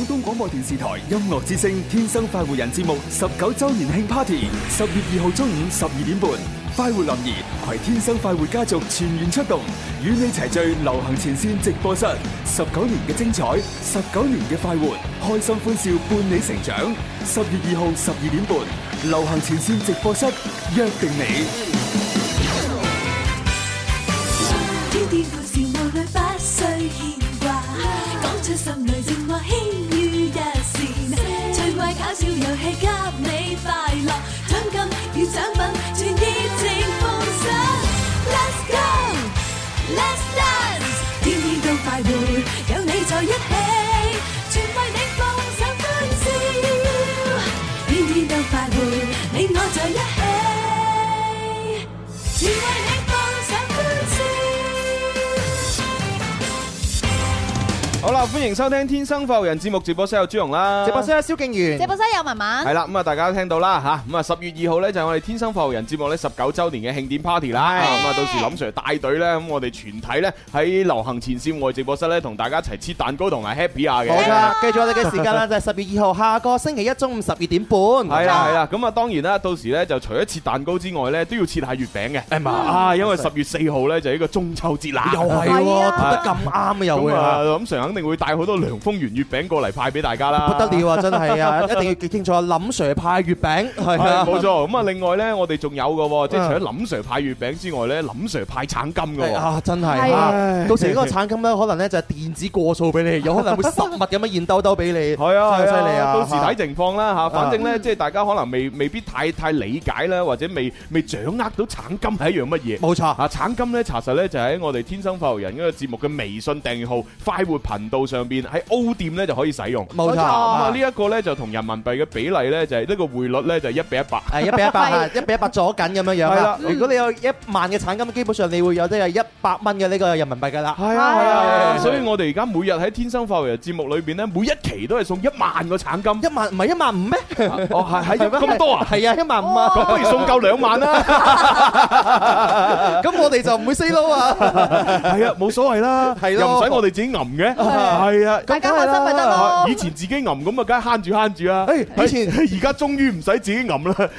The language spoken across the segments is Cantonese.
廣東廣播電視台音樂之聲《天生快活人》節目十九周年慶 Party，十月二號中午十二點半，快活林兒攜天生快活家族全員出動，與你齊聚流行前線直播室。十九年嘅精彩，十九年嘅快活，開心歡笑伴你成長。十月二號十二點半，流行前線直播室，約定你。天天歡笑夢裏不須牽掛，講出心裏正話。小遊戲給你快樂，獎金與獎品全意情奉上。Let's go, Let's dance，天天都快活，有你在一起。好啦，歡迎收聽《天生快活人》節目，直播室有朱紅啦，直播室有蕭敬元，直播室有文文，係啦，咁啊，大家都聽到啦吓，咁啊，十月二號咧就係我哋《天生快活人》節目咧十九周年嘅慶典 party 啦，咁啊，到時林 Sir 帶隊咧，咁我哋全體咧喺流行前綫外直播室咧同大家一齊切蛋糕同埋 happy 下嘅，冇錯，記住我哋嘅時間啦，就係十月二號下個星期一中午十二點半，係啦係啦，咁啊，當然啦，到時咧就除咗切蛋糕之外咧都要切下月餅嘅，係嘛，啊，因為十月四號咧就係呢個中秋節啦，又係喎，得咁啱啊，又會，啊，林 Sir 肯定。會帶好多涼風圓月餅過嚟派俾大家啦，不得了啊！真係啊，一定要記清楚啊！林 Sir 派月餅，係啊，冇錯。咁啊，另外咧，我哋仲有噶，即係除咗林 Sir 派月餅之外咧，林 Sir 派橙金噶，啊真係啊！到時呢個橙金咧，可能咧就係電子過數俾你，有可能會實物咁樣現兜兜俾你，係啊，犀利啊！到時睇情況啦吓，反正咧，即係大家可能未未必太太理解咧，或者未未掌握到橙金係一樣乜嘢，冇錯啊！橙金咧查實咧就喺我哋天生快活人呢個節目嘅微信訂閱號快活頻。道上邊喺 O 店咧就可以使用，冇錯。咁啊呢一個咧就同人民幣嘅比例咧就係呢個匯率咧就一比一百，係一比一百吓，一比一百咗緊咁樣樣。係啦，如果你有一萬嘅產金，基本上你會有即係一百蚊嘅呢個人民幣噶啦。係啊係啊，所以我哋而家每日喺天生快活人節目裏邊咧，每一期都係送一萬個產金。一萬唔係一萬五咩？哦，係點解咁多啊？係啊，一萬五啊，咁不如送夠兩萬啦。咁我哋就唔會 sell 啊，係啊，冇所謂啦，係咯，又唔使我哋自己揞嘅。係啊，咁係啦。以前自己揞咁啊，梗係慳住慳住啦。哎，以前而家終於唔使自己揞啦。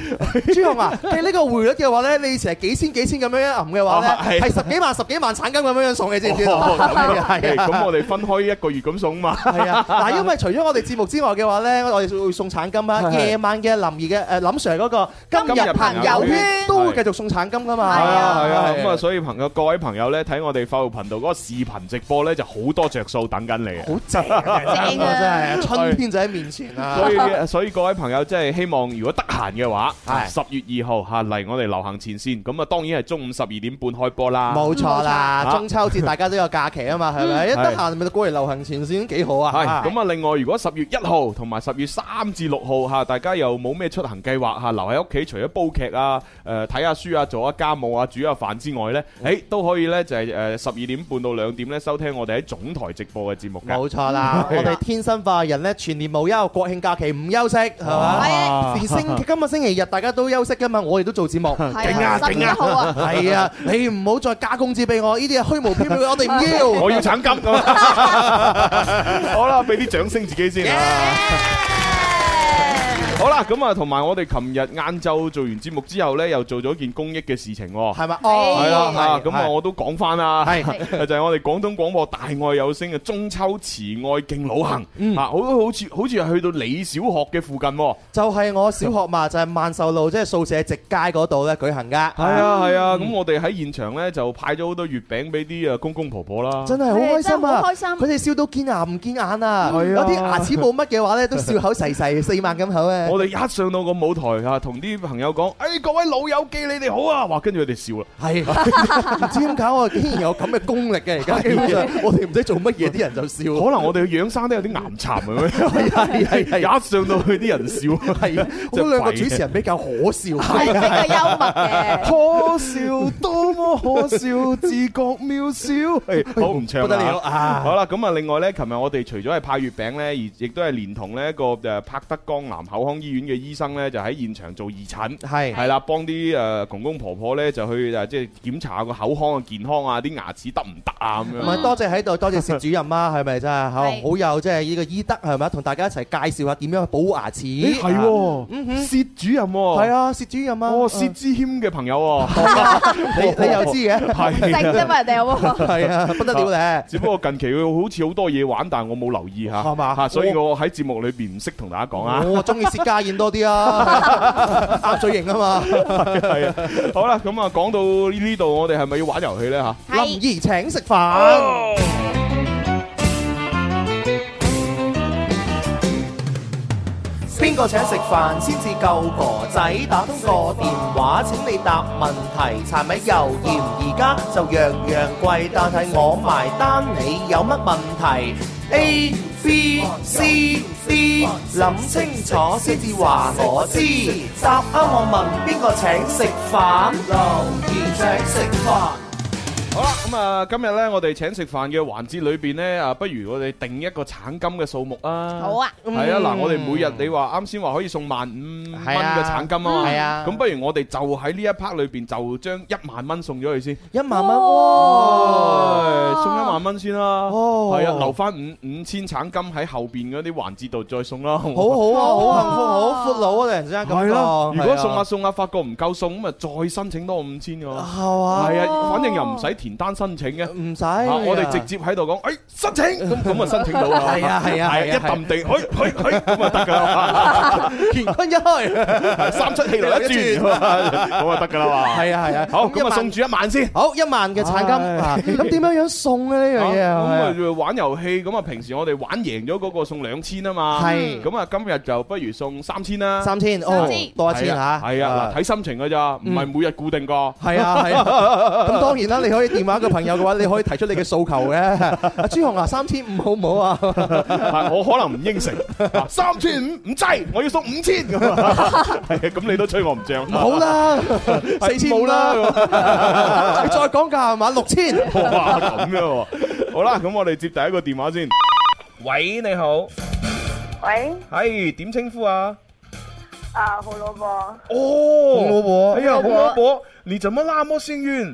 朱紅啊，你呢個匯率嘅話咧，你以前係幾千幾千咁樣樣揞嘅話咧，係十幾萬十幾萬產金咁樣樣送嘅啫，知唔知？係啊。咁我哋分開一個月咁送嘛。嗱，因為除咗我哋節目之外嘅話咧，我哋會送產金啊。夜晚嘅林兒嘅誒林 sir 嗰個今日朋友圈都會繼續送產金噶嘛。係啊係啊。咁啊，所以朋友，各位朋友咧，睇我哋發佈頻道嗰個視頻直播咧，就好多著數等。緊嚟啊！好正啊！真係春天就喺面前啦。所以，所以各位朋友，真係希望如果得閒嘅話，係十月二號吓嚟我哋流行前線。咁啊，當然係中午十二點半開播啦。冇錯啦，中秋節大家都有假期啊嘛，係咪？一得閒咪過嚟流行前線，幾好啊！係咁啊。另外，如果十月一號同埋十月三至六號吓，大家又冇咩出行計劃吓，留喺屋企，除咗煲劇啊、誒睇下書啊、做下家務啊、煮下飯之外咧，誒都可以咧，就係誒十二點半到兩點咧，收聽我哋喺總台直播。節目冇錯啦，我哋天生化人天生快活人咧全年無休，國慶假期唔休息，係嘛？星期，今個星期日大家都休息噶嘛，我哋都做節目，勁啊勁啊，係啊！你唔好再加工資俾我，呢啲係虛無縹緲，我哋唔要，我要獎金。好啦，俾啲掌聲自己先啊！好啦，咁啊，同埋我哋琴日晏晝做完節目之後呢，又做咗件公益嘅事情喎。係咪？哦，係啊。咁啊，我都講翻啦。係就係我哋廣東廣播大愛有聲嘅中秋慈愛敬老行。啊，好好似好似係去到李小學嘅附近喎。就係我小學嘛，就係萬壽路即係宿舍直街嗰度咧舉行㗎。係啊係啊，咁我哋喺現場呢，就派咗好多月餅俾啲啊公公婆婆啦。真係好開心啊！真係好開心。佢哋笑到見牙唔見眼啊！有啲牙齒冇乜嘅話呢，都笑口噬噬四萬咁口嘅。我哋一上到一個舞台嚇，同啲朋友講，誒、哎、各位老友記，你哋好啊！話跟住佢哋笑啦。係，唔知點搞啊？竟然有咁嘅功力嘅，而家，基本 上我哋唔使做乜嘢，啲人就笑。可能是 我哋嘅樣生都有啲鹹濕咁樣。係係係，一上到去啲人笑。係，我哋兩個主持人比較可笑，比較幽默嘅。可笑，多麼可笑，自覺渺小、 哎。好唔唱得了！啊？好啦，咁啊，另外咧，琴日我哋除咗係派月餅咧，而亦都係連同呢個誒拍得江南口幫醫院嘅醫生咧就喺現場做義診，係係啦，幫啲誒公公婆婆咧就去誒即係檢查下個口腔嘅健康啊，啲牙齒得唔得啊？唔係多謝喺度，多謝薛主任啊，係咪真係？嗬，好有即係呢個醫德，係咪同大家一齊介紹下點樣去保護牙齒？咦係，嗯哼，薛主任，係啊，薛主任啊，薛之謙嘅朋友，你你又知嘅，係因為人哋有，係啊，不得了咧。只不過近期佢好似好多嘢玩，但我冇留意吓，係嘛吓，所以我喺節目裏邊唔識同大家講啊。我中意價錢多啲啊，嘴、嗯、型啊嘛，係 啊，好啦，咁啊講到呢度，我哋係咪要玩遊戲呢？吓是？林怡請食飯，邊個、哦、請食飯先至救哥仔？打通個電話，請你答問題。柴米油鹽而家就樣樣貴，但係我埋單，你有乜問題？A B C D，諗清楚先至話我知。答啱我問邊個請食飯？劉二請食飯。好啦，咁啊，今日咧，我哋請食飯嘅環節裏邊咧，啊，不如我哋定一個橙金嘅數目啊。好啊，係啊，嗱，我哋每日你話啱先話可以送萬五蚊嘅橙金啊嘛，咁不如我哋就喺呢一 part 裏邊就將一萬蚊送咗佢先。一萬蚊，哇！送一萬蚊先啦，係啊，留翻，五五千橙金喺後邊嗰啲環節度再送啦。好好啊，好幸福，好闊佬啊，突然之間咁樣。係咯，如果送下送下發覺唔夠送，咁啊再申請多五千嘅。係啊，係啊，反正又唔使。填單申請嘅，唔使，我哋直接喺度講，哎，申請，咁咁啊，申請到啦，係啊係啊，一抌定，去去去，咁啊得噶啦，乾坤一開，三出氣嚟一轉，咁啊得噶啦嘛，係啊係啊，好，咁啊送住一萬先，好，一萬嘅彩金，咁點樣樣送咧呢樣嘢？咁啊，玩遊戲，咁啊，平時我哋玩贏咗嗰個送兩千啊嘛，係，咁啊，今日就不如送三千啦，三千，三千，多一千吓，係啊，嗱，睇心情噶咋，唔係每日固定個，係啊，咁當然啦，你可以。電話嘅朋友嘅話，你可以提出你嘅訴求嘅。阿朱、 啊、紅霞、啊、三千五好唔好啊？ 我可能唔應承、啊。三千五唔制，我要送五千。係咁 你都吹我唔脹。好啦、啊，四千五。好、啊、啦，你 再講價係嘛？六千。哇，咁樣、啊。好啦，咁我哋接第一個電話先。喂，你好。喂。係點稱呼啊？啊，胡老婆。哦，胡老婆。哎呀，胡老婆。你怎麼那麼幸運？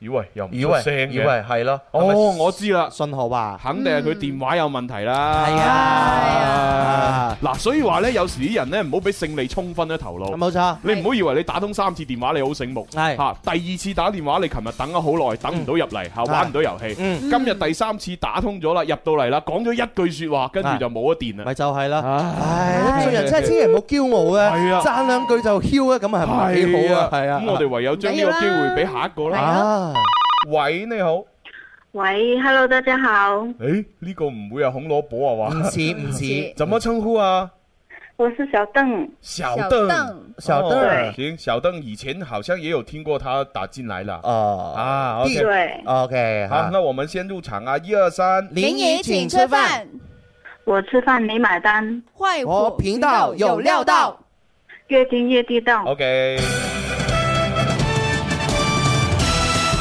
以為又唔出聲嘅，以為係咯。哦，我知啦，信號吧，肯定係佢電話有問題啦。係啊，嗱，所以話咧，有時啲人咧，唔好俾勝利沖昏咗頭腦。冇錯。你唔好以為你打通三次電話你好醒目。係。吓，第二次打電話你琴日等咗好耐，等唔到入嚟，吓玩唔到遊戲。今日第三次打通咗啦，入到嚟啦，講咗一句說話，跟住就冇咗電啦。咪就係啦。唉，做人真係千祈唔好驕傲咧。係啊。讚兩句就囂咧，咁係唔係幾好啊？係啊。咁我哋唯有將呢個機會俾下一個啦。喂，你好。喂，Hello，大家好。哎，呢個唔會係紅蘿蔔啊？哇，唔似，唔似。怎麼稱呼啊？我是小鄧。小鄧，小鄧，行，小鄧以前好像也有聽過他打進來了。哦，啊，對，OK，好，那我們先入場啊，一二三。林姨，請吃飯。我吃飯，你買單。快活頻道有料到，越傾越地道。OK。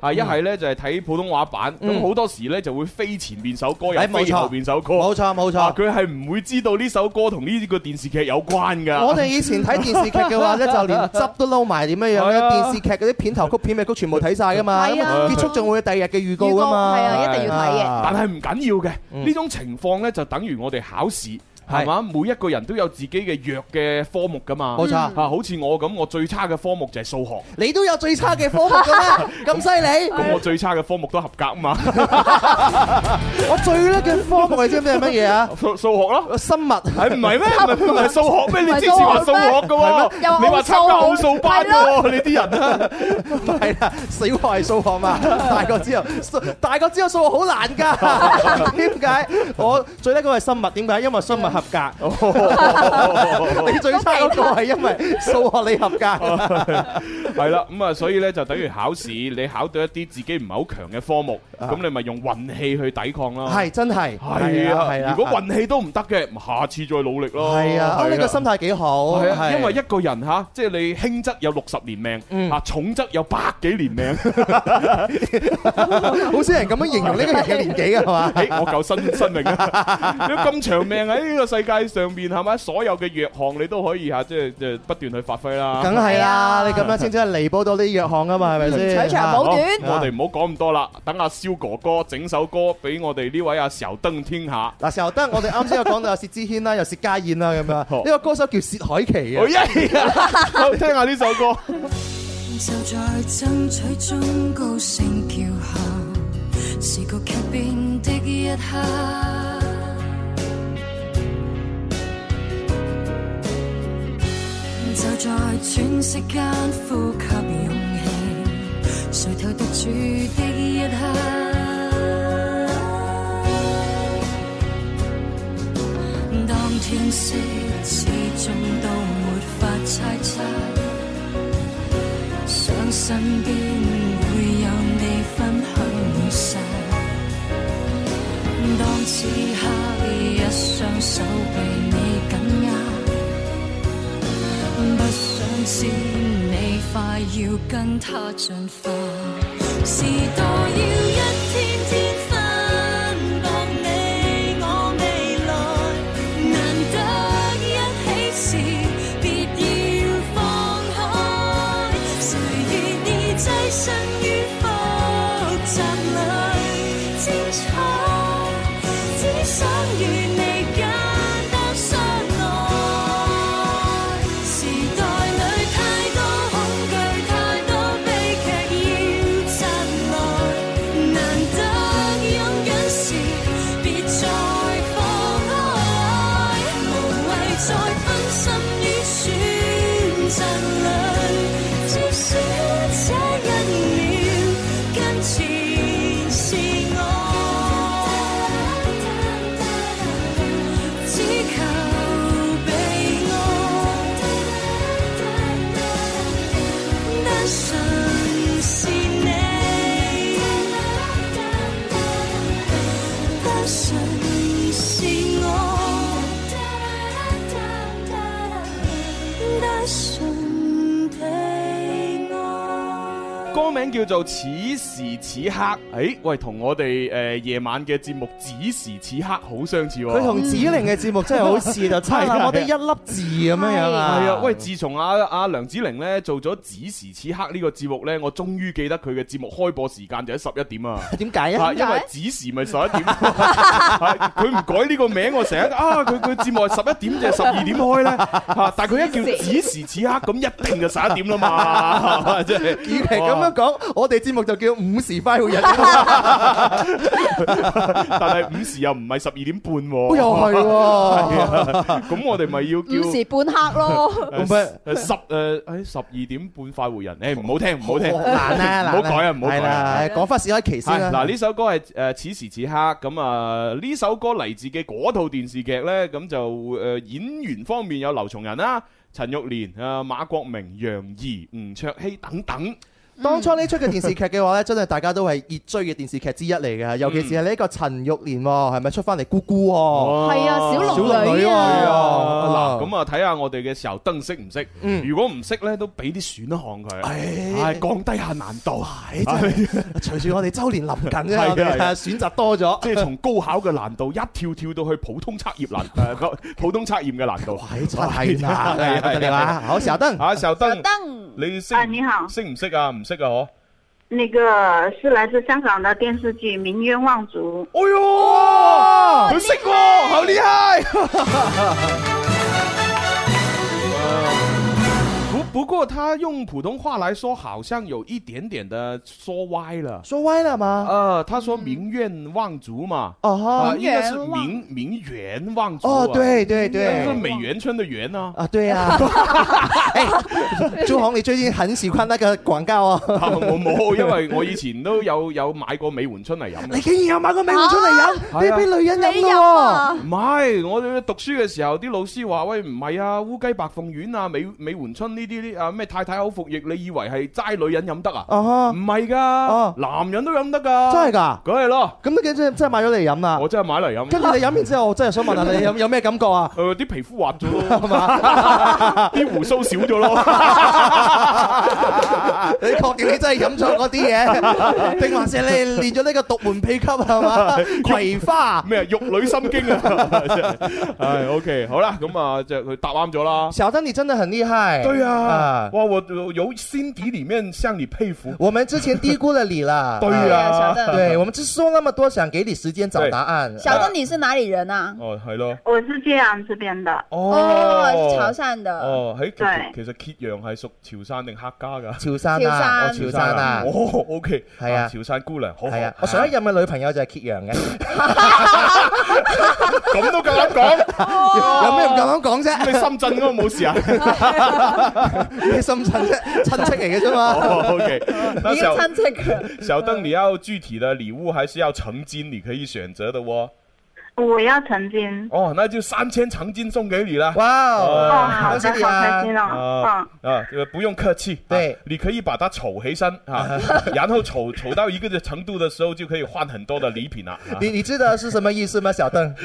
係一係咧就係睇普通話版，咁好多時咧就會飛前面首歌又飛後邊首歌，冇錯冇錯，佢係唔會知道呢首歌同呢個電視劇有關噶。我哋以前睇電視劇嘅話咧，就連執都撈埋點樣樣嘅電視劇嗰啲片頭曲、片尾曲全部睇晒噶嘛，咁啊，結束仲會有第二日嘅預告噶嘛，係啊，一定要睇嘅。但係唔緊要嘅，呢種情況咧就等於我哋考試。係嘛，每一個人都有自己嘅弱嘅科目噶嘛。冇錯，啊，好似我咁，我最差嘅科目就係數學。你都有最差嘅科目噶嘛？咁犀利。咁我最差嘅科目都合格啊嘛。我最叻嘅科目你知唔知係乜嘢啊？數數學咯。生物係唔係咩？唔係數學咩？你之前話數學嘅喎，你話參加奧數班嘅喎，你啲人啊，係啦，小學係數學嘛？大個之後，大個之後數學好難噶。點解？我最叻嗰個係生物，點解？因為生物。合格，你最差嗰個係因為數學你合格，係啦，咁啊，所以咧就等於考試，你考到一啲自己唔係好強嘅科目，咁你咪用運氣去抵抗咯。係真係，係啊，係啊，如果運氣都唔得嘅，下次再努力咯。係啊，啊，呢個心態幾好，係因為一個人吓，即係你輕則有六十年命，啊，重則有百幾年命，好少人咁樣形容呢個人嘅年紀嘅係嘛？誒，我夠新生命啊，咁長命啊呢個。世界上面係咪所有嘅藥行你都可以吓即係即不斷去發揮啦？梗係啦，啊、你咁樣真正彌補到啲藥行啊嘛，係咪先？是是嗯、取長補短？我哋唔好講咁多啦。等阿蕭哥哥整首歌俾我哋呢位阿邵登聽下。嗱、啊，邵登，我哋啱先有講到阿薛之謙啦，又薛家燕啦，咁啊，呢個歌手叫薛凱琪、哦 yeah，啊。好 聽下呢首歌。就在喘息間呼吸勇氣，誰逃得住的一刻，當天色始終都沒法猜測，想身邊會有你分享每剎，當漆黑一雙手臂。是你快要跟他進化，時代要。叫做此時此刻，誒、哎、喂，同我哋誒夜晚嘅節目。此時此刻好相似，啊，佢同子玲嘅節目真係好似，就 的差我哋一粒字咁樣樣啊！係啊，喂，自從阿阿梁子玲咧做咗此時此刻呢、這個節目咧，我終於記得佢嘅節目開播時間就喺十一點啊！點解啊？因為此時咪十一點，佢唔、 啊、改呢個名，我成日啊，佢佢節目係十一點定係十二點開咧、啊、但係佢一叫此時此刻咁一定就十一點啦嘛，即係與其咁樣講，啊、我哋節目就叫午時快活人， 但係。午時又唔係十二點半，又係喎。咁我哋咪要午時半刻咯。十誒，喺十二點半快活人，誒唔好聽，唔好聽。難啊，唔好改啊，唔好改。係講翻小海琪先啦。嗱，呢首歌係誒此時此刻，咁啊呢首歌嚟自嘅嗰套電視劇咧，咁就誒演員方面有劉松仁啦、陳玉蓮、啊馬國明、楊怡、吳卓羲等等。當初，呢出嘅電視劇嘅話咧，真係大家都係熱追嘅電視劇之一嚟嘅，尤其是係呢個陳玉蓮喎，係咪出翻嚟姑姑喎？係啊，小龍女啊，嗱，咁啊睇下我哋嘅時候燈識唔識？如果唔識咧，都俾啲選項佢，係降低下難度啊！就隨住我哋周年臨近啫，選擇多咗，即係從高考嘅難度一跳跳到去普通測驗難，普通測驗嘅難度。係就係啦，係嘛？好時候燈啊，時候燈，你識？你識，識唔識啊？識啊！嗬，那個是來自香港的電視劇《名媛望族》。哎呦，好識喎，好厲害！ 不過他用普通話來說，好像有一點點的說歪了。說歪了嗎？呃，他說名媛望族嘛？哦、嗯啊，應該是名名媛望族。明哦，對對對，係願、啊就是、美媛春的媛啊。啊，對啊。朱紅，你最近很喜歡那個廣告啊，哦！ 我冇，因為我以前都有有買過美媛春嚟飲。你竟然有買過美媛春嚟飲？啊、你俾女人飲咯？唔係，啊，我讀書嘅時候，啲老師話，喂，唔係啊，烏雞白鳳丸啊，美美媛春呢啲。啊咩太太口服液，你以為係齋女人飲得啊？唔係噶，男人都飲得噶。真係噶，梗係咯。咁你幾真真買咗嚟飲啊？我真係買嚟飲。跟住你飲完之後，我真係想問下你有有咩感覺啊？誒，啲皮膚滑咗咯，係嘛？啲鬍鬚少咗咯。你確定你真係飲咗嗰啲嘢，定還是你練咗呢個獨門秘笈係嘛？葵花咩啊？玉女心經啊？係 OK，好啦，咁啊就佢答啱咗啦。小鄧，你真係很厲害。對啊。哇！我由心底裏面向你佩服。我們之前低估了你啦。對啊，小鄧，對，我們只說那麼多，想給你時間找答案。小鄧，你是哪裏人啊？哦，係咯，我是揭陽這邊的。哦，潮汕的。哦，喺其實揭陽係屬潮汕定客家噶？潮汕，潮汕，潮汕啊！哦，OK。係啊，潮汕姑娘，好係啊！我上一任嘅女朋友就係揭陽嘅。咁都夠膽講，有咩唔夠膽講啫？你深圳嗰個冇事啊？你親戚親戚嚟嘅啫嘛？O K，呢個親戚小鄧， 你要具體的禮物還是要成金？你可以選擇的喎、哦。我要成金。哦，oh, 那就三千成金送給你啦！哇 Wow,、呃、哦，好開心啊！啊，不用客氣。對、呃，你可以把它丑回身啊， 然後丑丑到一個程度的時候，就可以換很多的禮品啦。啊、 你你知道是什麼意思嗎？小鄧？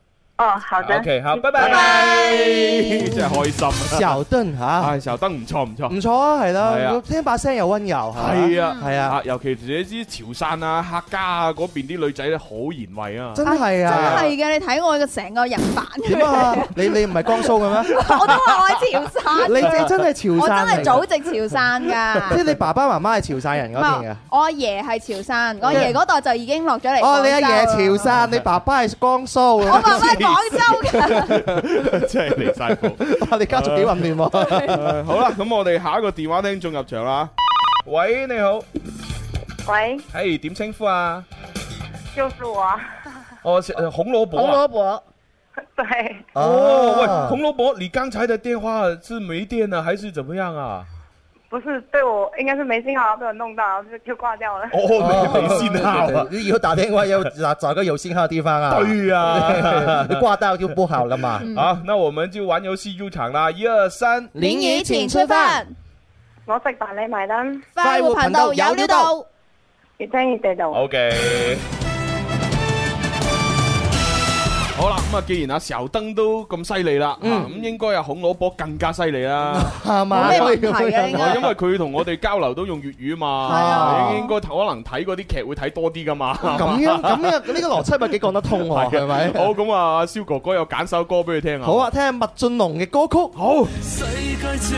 哦，好的。O K 哈，拜拜，真係開心。小登哈，係小登，唔錯唔錯，唔錯啊，係啦。係啊，聽把聲又温柔吓。係啊係啊，尤其你知潮汕啊、客家啊嗰邊啲女仔咧好賢惠啊。真係啊，真係嘅，你睇我嘅成個人扮。點啊？你你唔係江蘇嘅咩？我都話我係潮汕。你你真係潮汕？我真係祖籍潮汕噶。即係你爸爸媽媽係潮汕人嗰邊嘅。我阿爺係潮汕，我阿爺嗰代就已經落咗嚟潮汕。哦，你阿爺潮汕，你爸爸係江蘇嘅。我爸爸？廣州嘅， 真係離晒譜。我哋家族幾混亂。好啦，咁我哋下一個電話聽眾入場啦。喂，你好。喂，係，點稱呼啊？就是我。哦、 oh, 啊，紅蘿蔔。紅蘿蔔。對。哦，oh, 喂，紅蘿蔔，你剛才的電話是沒電啦，還是怎麼樣啊？不是對我，應該是沒信號，被我弄到就就掛掉了。哦、oh, oh，沒信號，你以後打電話要找找個有信號的地方啊。 對啊， 掛到就不好了嘛。好 嗯，ah, 那我們就玩遊戲入場啦，一二三，林姨請吃飯，我食飯你埋單。快活頻道有料到，越聽越地道。OK。好啦，咁、嗯、啊，既然阿豉油燈都咁犀利啦，咁、嗯、應該阿孔老波更加犀利啦，係咪？咩問題啊？係因為佢同我哋交流都用粵語嘛， 啊，應該可能睇嗰啲劇會睇多啲噶嘛。咁 樣咁啊，呢個邏輯咪幾講得通喎？係咪？好咁啊，阿蕭哥哥有揀首歌俾佢聽啊。好啊，聽下麥浚龍嘅歌曲。好。世界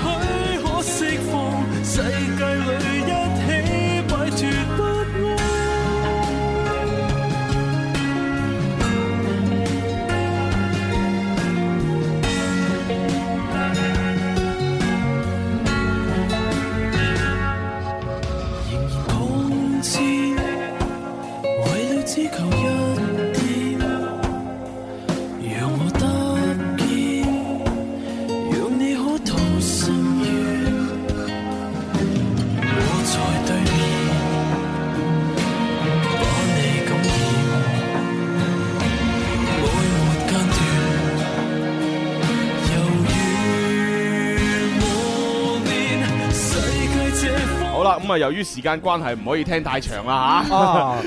咁啊，由於時間關係，唔可以聽太長啦吓。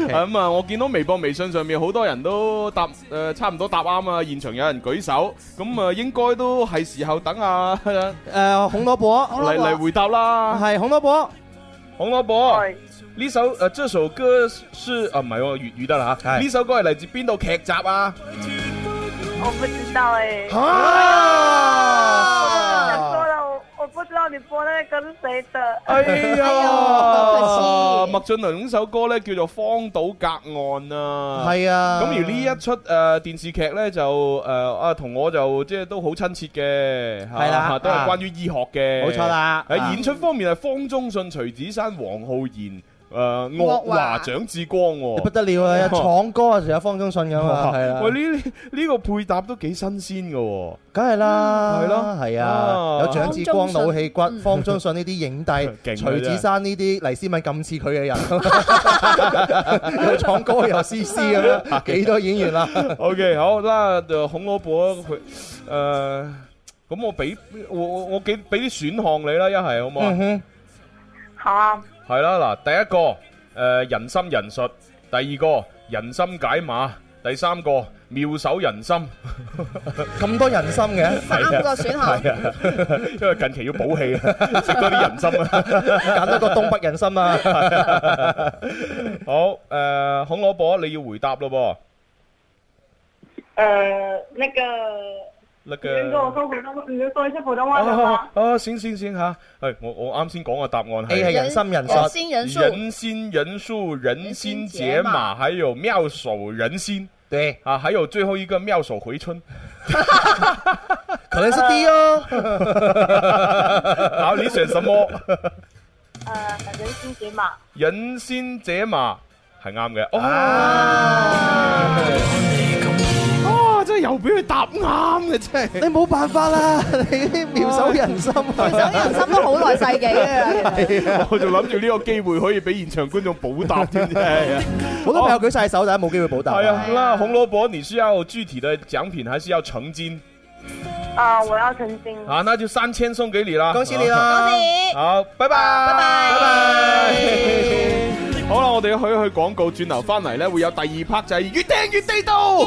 咁啊，我見到微博、微信上面好多人都答誒，差唔多答啱啊。現場有人舉手，咁啊，應該都係時候等啊誒紅蘿蔔嚟嚟回答啦。係紅蘿蔔，紅蘿蔔呢首誒，這首歌是啊，唔係粵語得啦吓。呢首歌係嚟自邊度劇集啊？我不知道誒。我不知道你播得咁死得，哎呀！麥浚龍嗰首歌咧叫做《荒島隔岸》啊，係啊。咁而呢一出誒、呃、電視劇咧就誒、呃、啊同我就即係都好親切嘅，係、啊、啦，都係關於醫學嘅，冇錯啦。喺演出方面係方中信徐、徐子珊、黃浩然。誒，岳華蔣志光，不得了啊！有闖哥啊，仲有方中信咁啊，係啊！喂，呢呢個配搭都幾新鮮噶，梗係啦，係咯，係啊，有蔣志光老戲骨，方中信呢啲影帝，徐子珊呢啲黎思敏，咁似佢嘅人，有闖哥有思思咁樣，幾多演員啊？OK，好啦，就恐怖啊佢，誒，咁我俾我我我幾俾啲選項你啦，一係好唔好啊？好啊。係啦，嗱，第一個誒人心人術，第二個人心解碼，第三個妙手人心，咁多人心嘅三個選項，因為近期要補氣，食多啲人心啦，揀多個東北人心啊，好誒，孔老博你要回答咯噃，誒，呢個。你嘅唔要再出葡萄牙啦！啊，行行行吓，係我我啱先講嘅答案係。你係人心、人心、人心、人心、人數、人心解碼，還有妙手人心。對，啊，還有最後一個妙手回春。可能是 D 哦。好，你選什麼？人心解碼。人心解碼係啱嘅。又俾佢答啱嘅，真係你冇辦法啦！你妙手人心，妙手人心都好耐世紀啊！我就諗住呢個機會可以俾現場觀眾補答添。好多朋友舉晒手，但係冇機會補答。係啊，那紅蘿蔔，你需要具體的獎品，還是要現金？啊，我要現金。啊，那就三千送俾你啦！恭喜你啦！恭喜你！好，拜拜，拜拜，拜拜。好啦，我哋去一去廣告，轉頭翻嚟咧，會有第二 part 就係越聽越地道。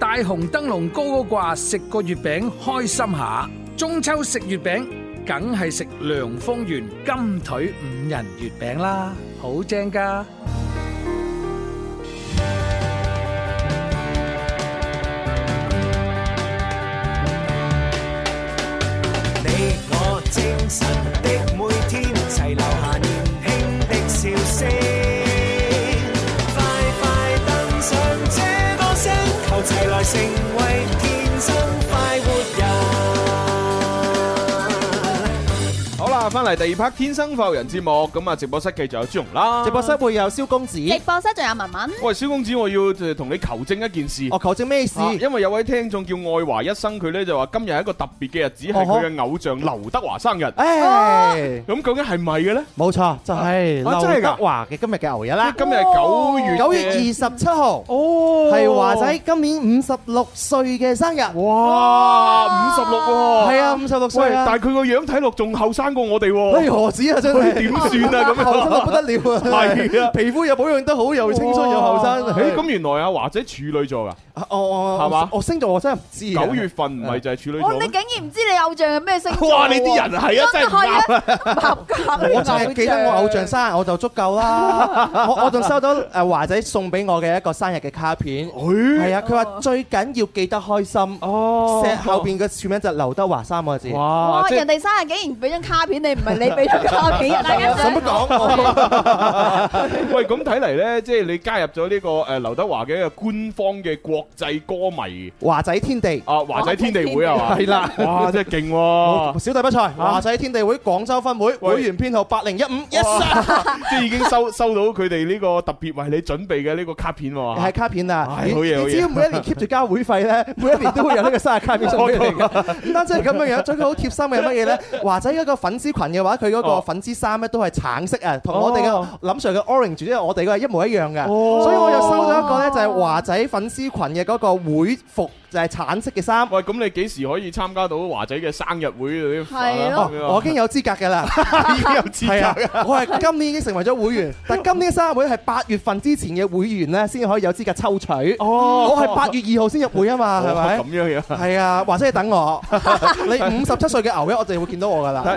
大紅燈籠高高掛，食個月餅開心下。中秋食月餅，梗係食良豐園金腿五仁月餅啦，好正㗎！你我精神的每天。係第二 part，天生快活人節目，咁啊直播室繼續有朱融啦，直播室會有蕭公子，直播室仲有文文。喂，蕭公子，我要同你求證一件事。我求證咩事？因為有位聽眾叫愛華一生，佢咧就話今日係一個特別嘅日子，係佢嘅偶像劉德華生日。誒，咁究竟係咪嘅咧？冇錯，就係劉德華嘅今日嘅牛日啦。今日係九月，九月二十七號，哦，係華仔今年五十六歲嘅生日。哇，五十六，係啊，五十六歲啊，但係佢個樣睇落仲後生過我哋。哎，何止啊！真係點算啊？咁啊，不得了啊！係皮膚又保養得好，又青春又後生。咁原來阿華仔處女座噶，哦，係嘛？哦，星座我真係唔知。九月份唔係就係處女座。你竟然唔知你偶像係咩星座？哇！你啲人係啊，真係唔合格。唔合格。我就係記得我偶像生日，我就足夠啦。我仲收到誒華仔送俾我嘅一個生日嘅卡片。誒，係啊！佢話最緊要記得開心。哦，後邊嘅署名就劉德華三個字。哇！人哋生日竟然俾張卡片你唔～你俾咗多幾日？大家使乜講？喂，咁睇嚟咧，即係你加入咗呢個誒劉德華嘅官方嘅國際歌迷華仔天地啊！華仔天地會係嘛，係啦，哇，真係勁！小弟不才，華仔天地會廣州分會會員編號八零一五一三，即係已經收收到佢哋呢個特別為你準備嘅呢個卡片喎。係卡片啊！好嘢，只要每一年 keep 住交會費咧，每一年都會有呢個生日卡片送俾你嘅。唔單止係咁嘅樣，仲有佢好貼心嘅係乜嘢咧？華仔一個粉絲羣嘅。嘅話，佢嗰個粉絲衫咧都係橙色啊，同我哋嘅林 Sir 嘅 Orange，因為我哋嗰係一模一樣嘅。哦、所以我又收到一個咧，就係華仔粉絲群嘅嗰個會服，就係、是、橙色嘅衫。喂，咁你幾時可以參加到華仔嘅生日會？係咯的，我已經有資格嘅啦， 已經有資格啊，我係今年已經成為咗會員， 但今年嘅生日會係八月份之前嘅會員咧，先可以有資格抽取。哦，我係八月二號先入會啊嘛，係咪、哦？咁吧、哦、樣樣係啊，華仔你等我， 你五十七歲嘅牛一，我哋係會見到我噶啦。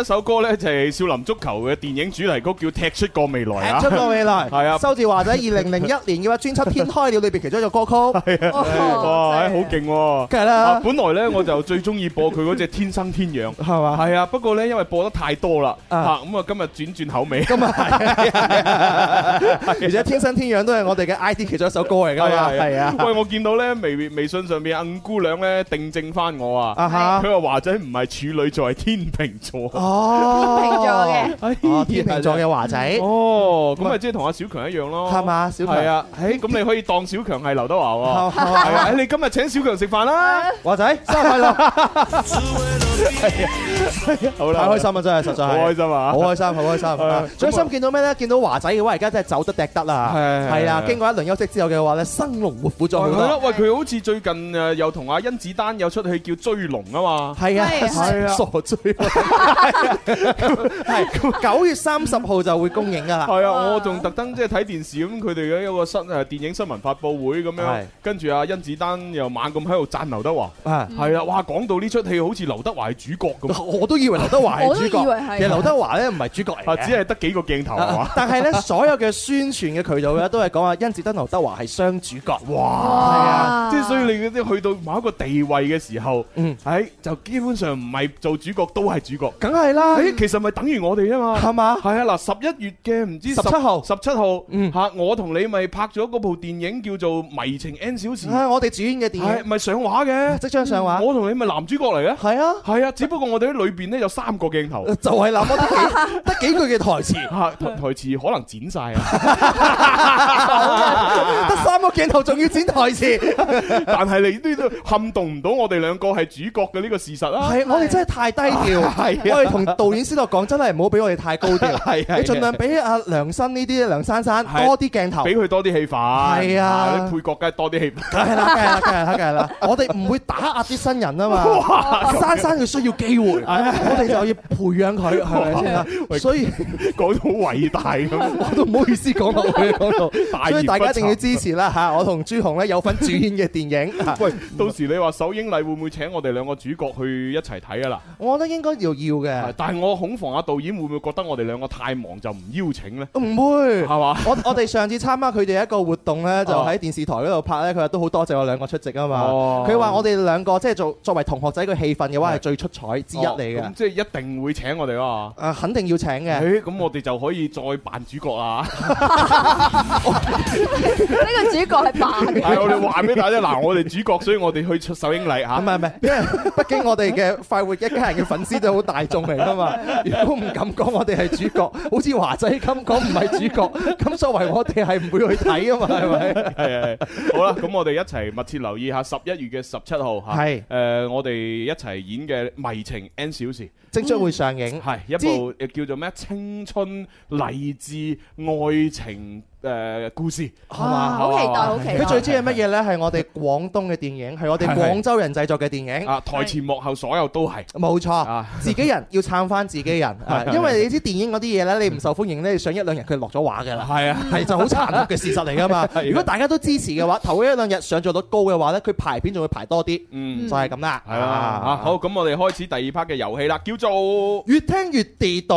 一首歌咧就係少林足球嘅電影主題曲，叫踢出個未來。踢出個未來係啊，收自華仔二零零一年嘅話專輯《天開了》裏邊其中一個歌曲。係啊，哇，好勁！梗係啦。本來咧我就最中意播佢嗰隻《天生天養》，係嘛？係啊，不過咧因為播得太多啦，吓咁啊今日轉轉口味。今日，而且《天生天養》都係我哋嘅 I D 其中一首歌嚟噶嘛？係啊。喂，我見到咧微微信上面，五姑娘咧定正翻我啊！佢話華仔唔係處女座，係天秤座。哦，天秤座嘅，哦天秤座嘅華仔，哦，咁啊即係同阿小強一樣咯，係嘛？小強係啊，誒，咁你可以當小強係劉德華喎，係啊，誒，你今日請小強食飯啦，華仔，生日快樂，係啊，好啦，太開心啦，真係實在係，好開心啊，好開心，好開心，最開心見到咩咧？見到華仔嘅話，而家真係走得趯得啦，係係啊，經過一輪休息之後嘅話咧，生龍活虎咗，喂，佢好似最近誒又同阿甄子丹有出戲叫《追龍》啊嘛，係啊係啊，傻追。係九 月三十號就會公映噶啦。係啊，我仲特登即係睇電視咁，佢哋嘅一個新誒電影新聞發布會咁樣，是跟住阿甄子丹又猛咁喺度讚劉德華，係係、嗯、啊，哇！講到呢出戲好似劉德華係主角咁，我都以為劉德華係主角， 其實劉德華咧唔係主角嚟、啊、只係得幾個鏡頭、啊、但係咧 所有嘅宣傳嘅渠道咧都係講啊甄子丹劉德華係雙主角，哇！即係哇、啊、所以你啲去到某一個地位嘅時候，嗯，喺、哎、就基本上唔係做主角都係主角，梗係係啦，誒，其實咪等於我哋啊嘛，係嘛，係啊，嗱，十一月嘅唔知十七號，十七號，吓，我同你咪拍咗嗰部電影叫做《迷情 N 小時》，係我哋主演嘅電影，咪上畫嘅，即將上畫，我同你咪男主角嚟嘅，係啊，係啊，只不過我哋喺裏邊呢有三個鏡頭，就係那麼得幾句嘅台詞，台台詞可能剪晒啊，得三個鏡頭仲要剪台詞，但係你呢都撼動唔到我哋兩個係主角嘅呢個事實啊，係我哋真係太低調，係同導演師度講，真係唔好俾我哋太高啲啦。你盡量俾阿梁生呢啲梁珊珊多啲鏡頭，俾佢多啲戲份。係啊，配角梗係多啲戲份。梗係啦，梗係啦，梗係啦，我哋唔會打壓啲新人啊嘛。珊珊佢需要機會，我哋就要培養佢。係咪啊？所以講到好偉大，我都唔好意思講到講到。所以大家一定要支持啦嚇！我同朱紅咧有份主演嘅電影。喂，到時你話首映禮會唔會請我哋兩個主角去一齊睇啊啦？我覺得應該要要嘅。但係我恐防啊！導演會唔會覺得我哋兩個太忙就唔邀請呢？唔會，係嘛？我我哋上次參加佢哋一個活動咧，就喺電視台嗰度拍咧。佢話都好多謝我兩個出席啊嘛。佢話我哋兩個即係做作為同學仔嘅氣氛嘅話，係最出彩之一嚟嘅。即係一定會請我哋喎？啊，肯定要請嘅。咁我哋就可以再扮主角啦。呢個主角係扮嘅。我哋話俾大家嗱，我哋主角，所以我哋去出首映禮嚇。唔係唔係，因為畢竟我哋嘅快活一家人嘅粉絲都好大眾。噶嘛， 如果唔敢講，我哋係主角，好似華仔咁講唔係主角，咁作為我哋係唔會去睇啊嘛，係咪 不？係 啊， 好啦，咁我哋一齊密切留意下十一月嘅十七號吓，係誒是、呃，我哋一齊演嘅《迷情 N 小時》，即將會上映，嗯，係一部叫做咩？知青春勵志愛情。誒，故事好期待，好期待！佢最主要係乜嘢呢？係我哋廣東嘅電影，係我哋廣州人製作嘅電影。啊，台前幕後所有都係，冇錯。啊，自己人要撐翻自己人，因為你知電影嗰啲嘢呢，你唔受歡迎咧，上一兩日佢落咗畫噶啦。係啊，係就好殘酷嘅事實嚟噶嘛。如果大家都支持嘅話，頭一兩日上座率高嘅話呢，佢排片仲會排多啲。嗯，就係咁啦。係啊，好，咁我哋開始第二 part 嘅遊戲啦，叫做越聽越地道。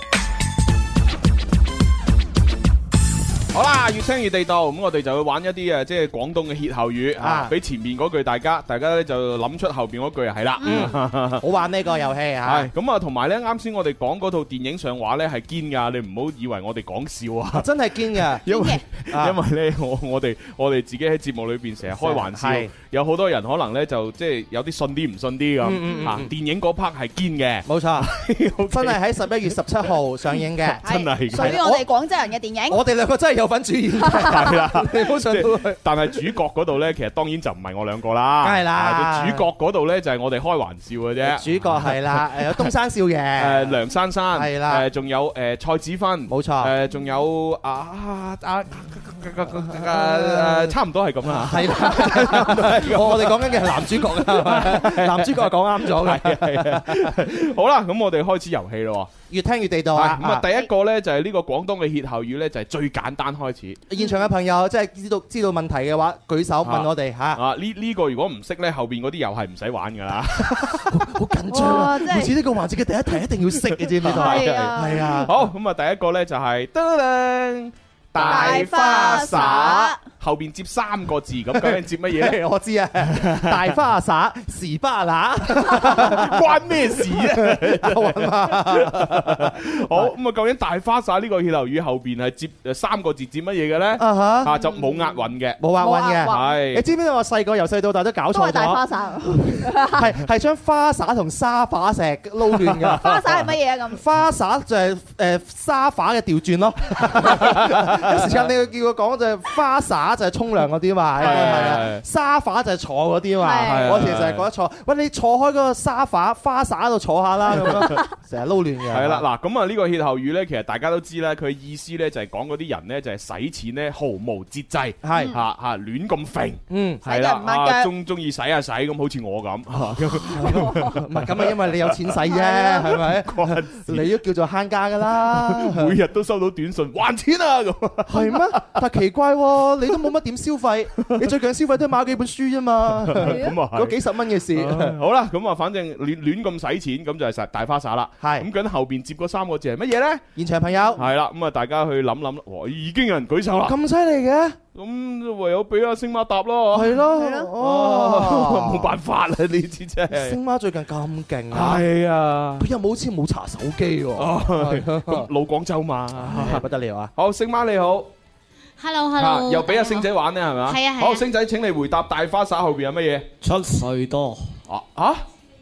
好啦，越聽越地道，咁我哋就會玩一啲啊，即係廣東嘅歇後語啊，俾前面嗰句，大家大家咧就諗出後邊嗰句啊，係啦，好玩呢個遊戲啊，係咁啊，同埋咧，啱先我哋講嗰套電影上畫咧係堅噶，你唔好以為我哋講笑啊，真係堅噶，因為因為咧我我哋我哋自己喺節目裏邊成日開玩笑，有好多人可能咧就即係有啲信啲唔信啲咁，啊，電影嗰 part 係堅嘅，冇錯，真係喺十一月十七號上映嘅，真係，屬於我哋廣州人嘅電影，我哋兩個真係。有份主演係啦，基本上。但係主角嗰度咧，其實當然就唔係我兩個啦，係啦。主角嗰度咧就係我哋開玩笑嘅啫。主角係啦，誒，有東山少爺，誒，梁珊珊，係啦，誒，仲有誒，蔡子芬，冇錯，誒，仲有啊啊啊，誒誒，差唔多係咁啦，係啦。我我哋講緊嘅係男主角啦，男主角係講啱咗嘅，係啊。好啦，咁我哋開始遊戲咯。越聽越地道啊，啊！咁、嗯、啊，第一個咧就係、是、呢個廣東嘅歇後語咧，就係、是、最簡單開始。現場嘅朋友、嗯、即係知道知道問題嘅話，舉手問我哋吓。啊呢呢、啊啊這個如果唔識咧，後邊嗰啲又係唔使玩㗎喇。 好緊張啊！即係似呢個環節嘅第一題一定要識嘅 知道？係、嗯嗯嗯、啊，好咁啊、嗯，第一個咧就係、是、大花灑。後邊接三個字，咁究竟接乜嘢咧？我知啊，大花灑時巴拿關咩事啊？好咁啊，究竟大花灑呢個歇後語後邊係接三個字，接乜嘢嘅咧？啊就冇押韻嘅，冇押韻嘅係。你知唔知我細個由細到大都搞錯咗？都係大花灑，係係將花灑同沙發石撈亂噶。花灑係乜嘢啊？咁花灑就係誒沙發嘅調轉咯。一時間你要叫佢講就係花灑。就係沖涼嗰啲嘛，係啊，沙發就係坐嗰啲嘛，我其實係覺得坐。喂，你坐開嗰個沙發花灑度坐下啦，咁樣成日撈亂嘅。係啦，嗱，咁啊呢個歇後語咧，其實大家都知咧，佢意思咧就係講嗰啲人咧就係使錢咧毫無節制，係嚇嚇亂咁揈，嗯，係啦，鍾鍾意使啊使，咁好似我咁，唔係咁啊，因為你有錢使啫，係咪？你都叫做慳家噶啦，每日都收到短信還錢啊咁，係咩？但奇怪，你都～冇乜點消費，你最近消費都買咗幾本書啫嘛，咁啊，嗰幾十蚊嘅事。好啦，咁啊，反正亂亂咁使錢，咁就係實大花灑啦。係咁，緊後邊接嗰三個字係乜嘢咧？現場朋友係啦，咁啊，大家去諗諗啦。哇已經有人舉手啦，咁犀利嘅，咁唯有俾阿星媽答咯。係咯，哦，冇辦法啦，呢次啫。星媽最近咁勁啊，係啊，佢又冇好似冇查手機喎，老廣州嘛，不得了啊。好，星媽你好。hello hello，、啊、又俾阿星仔玩呢，係咪 Hello. 吧，啊啊、好、啊、星仔，請你回答大花灑後邊有乜嘢？七歲多啊，啊？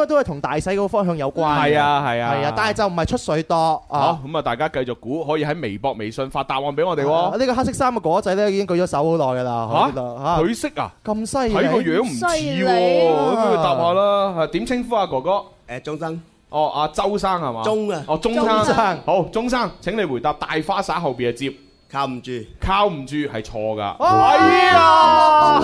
應該都係同大細嗰個方向有關，係啊係啊，但係就唔係出水多啊。好咁啊！大家繼續估，可以喺微博、微信發答案俾我哋。呢個黑色衫嘅果仔咧，已經舉咗手好耐噶啦。吓，佢識啊？咁犀利？睇個樣唔似。佢答下啦，點稱呼啊哥哥？誒，鍾生。哦，阿周生係嘛？鍾嘅。哦，鍾生。好，鍾生，請你回答大花灑後邊係接。靠唔住，靠唔住係錯噶。係啊，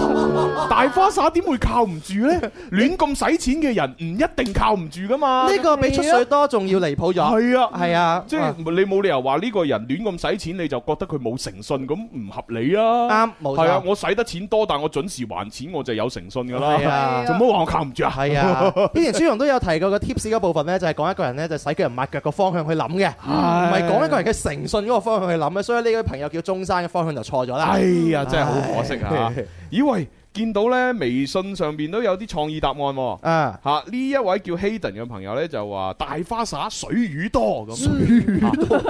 大花灑點會靠唔住呢？亂咁使錢嘅人唔一定靠唔住噶嘛。呢個比出水多仲要離譜咗。係啊，係啊，即係你冇理由話呢個人亂咁使錢，你就覺得佢冇誠信咁唔合理啊？啱，冇錯。係啊，我使得錢多，但我準時還錢，我就有誠信噶啦。係啊，做乜話我靠唔住啊？係啊，之前朱融都有提過個 tips 嗰部分呢，就係講一個人呢，就使腳人抹腳個方向去諗嘅，唔係講一個人嘅誠信嗰個方向去諗嘅，所以呢個。又叫中山嘅方向就錯咗啦！哎呀，真係好可惜嚇！咦喂，見到呢微信上邊都有啲創意答案喎。啊，嚇呢一位叫 Hayden 嘅朋友呢，就話大花灑水魚多咁，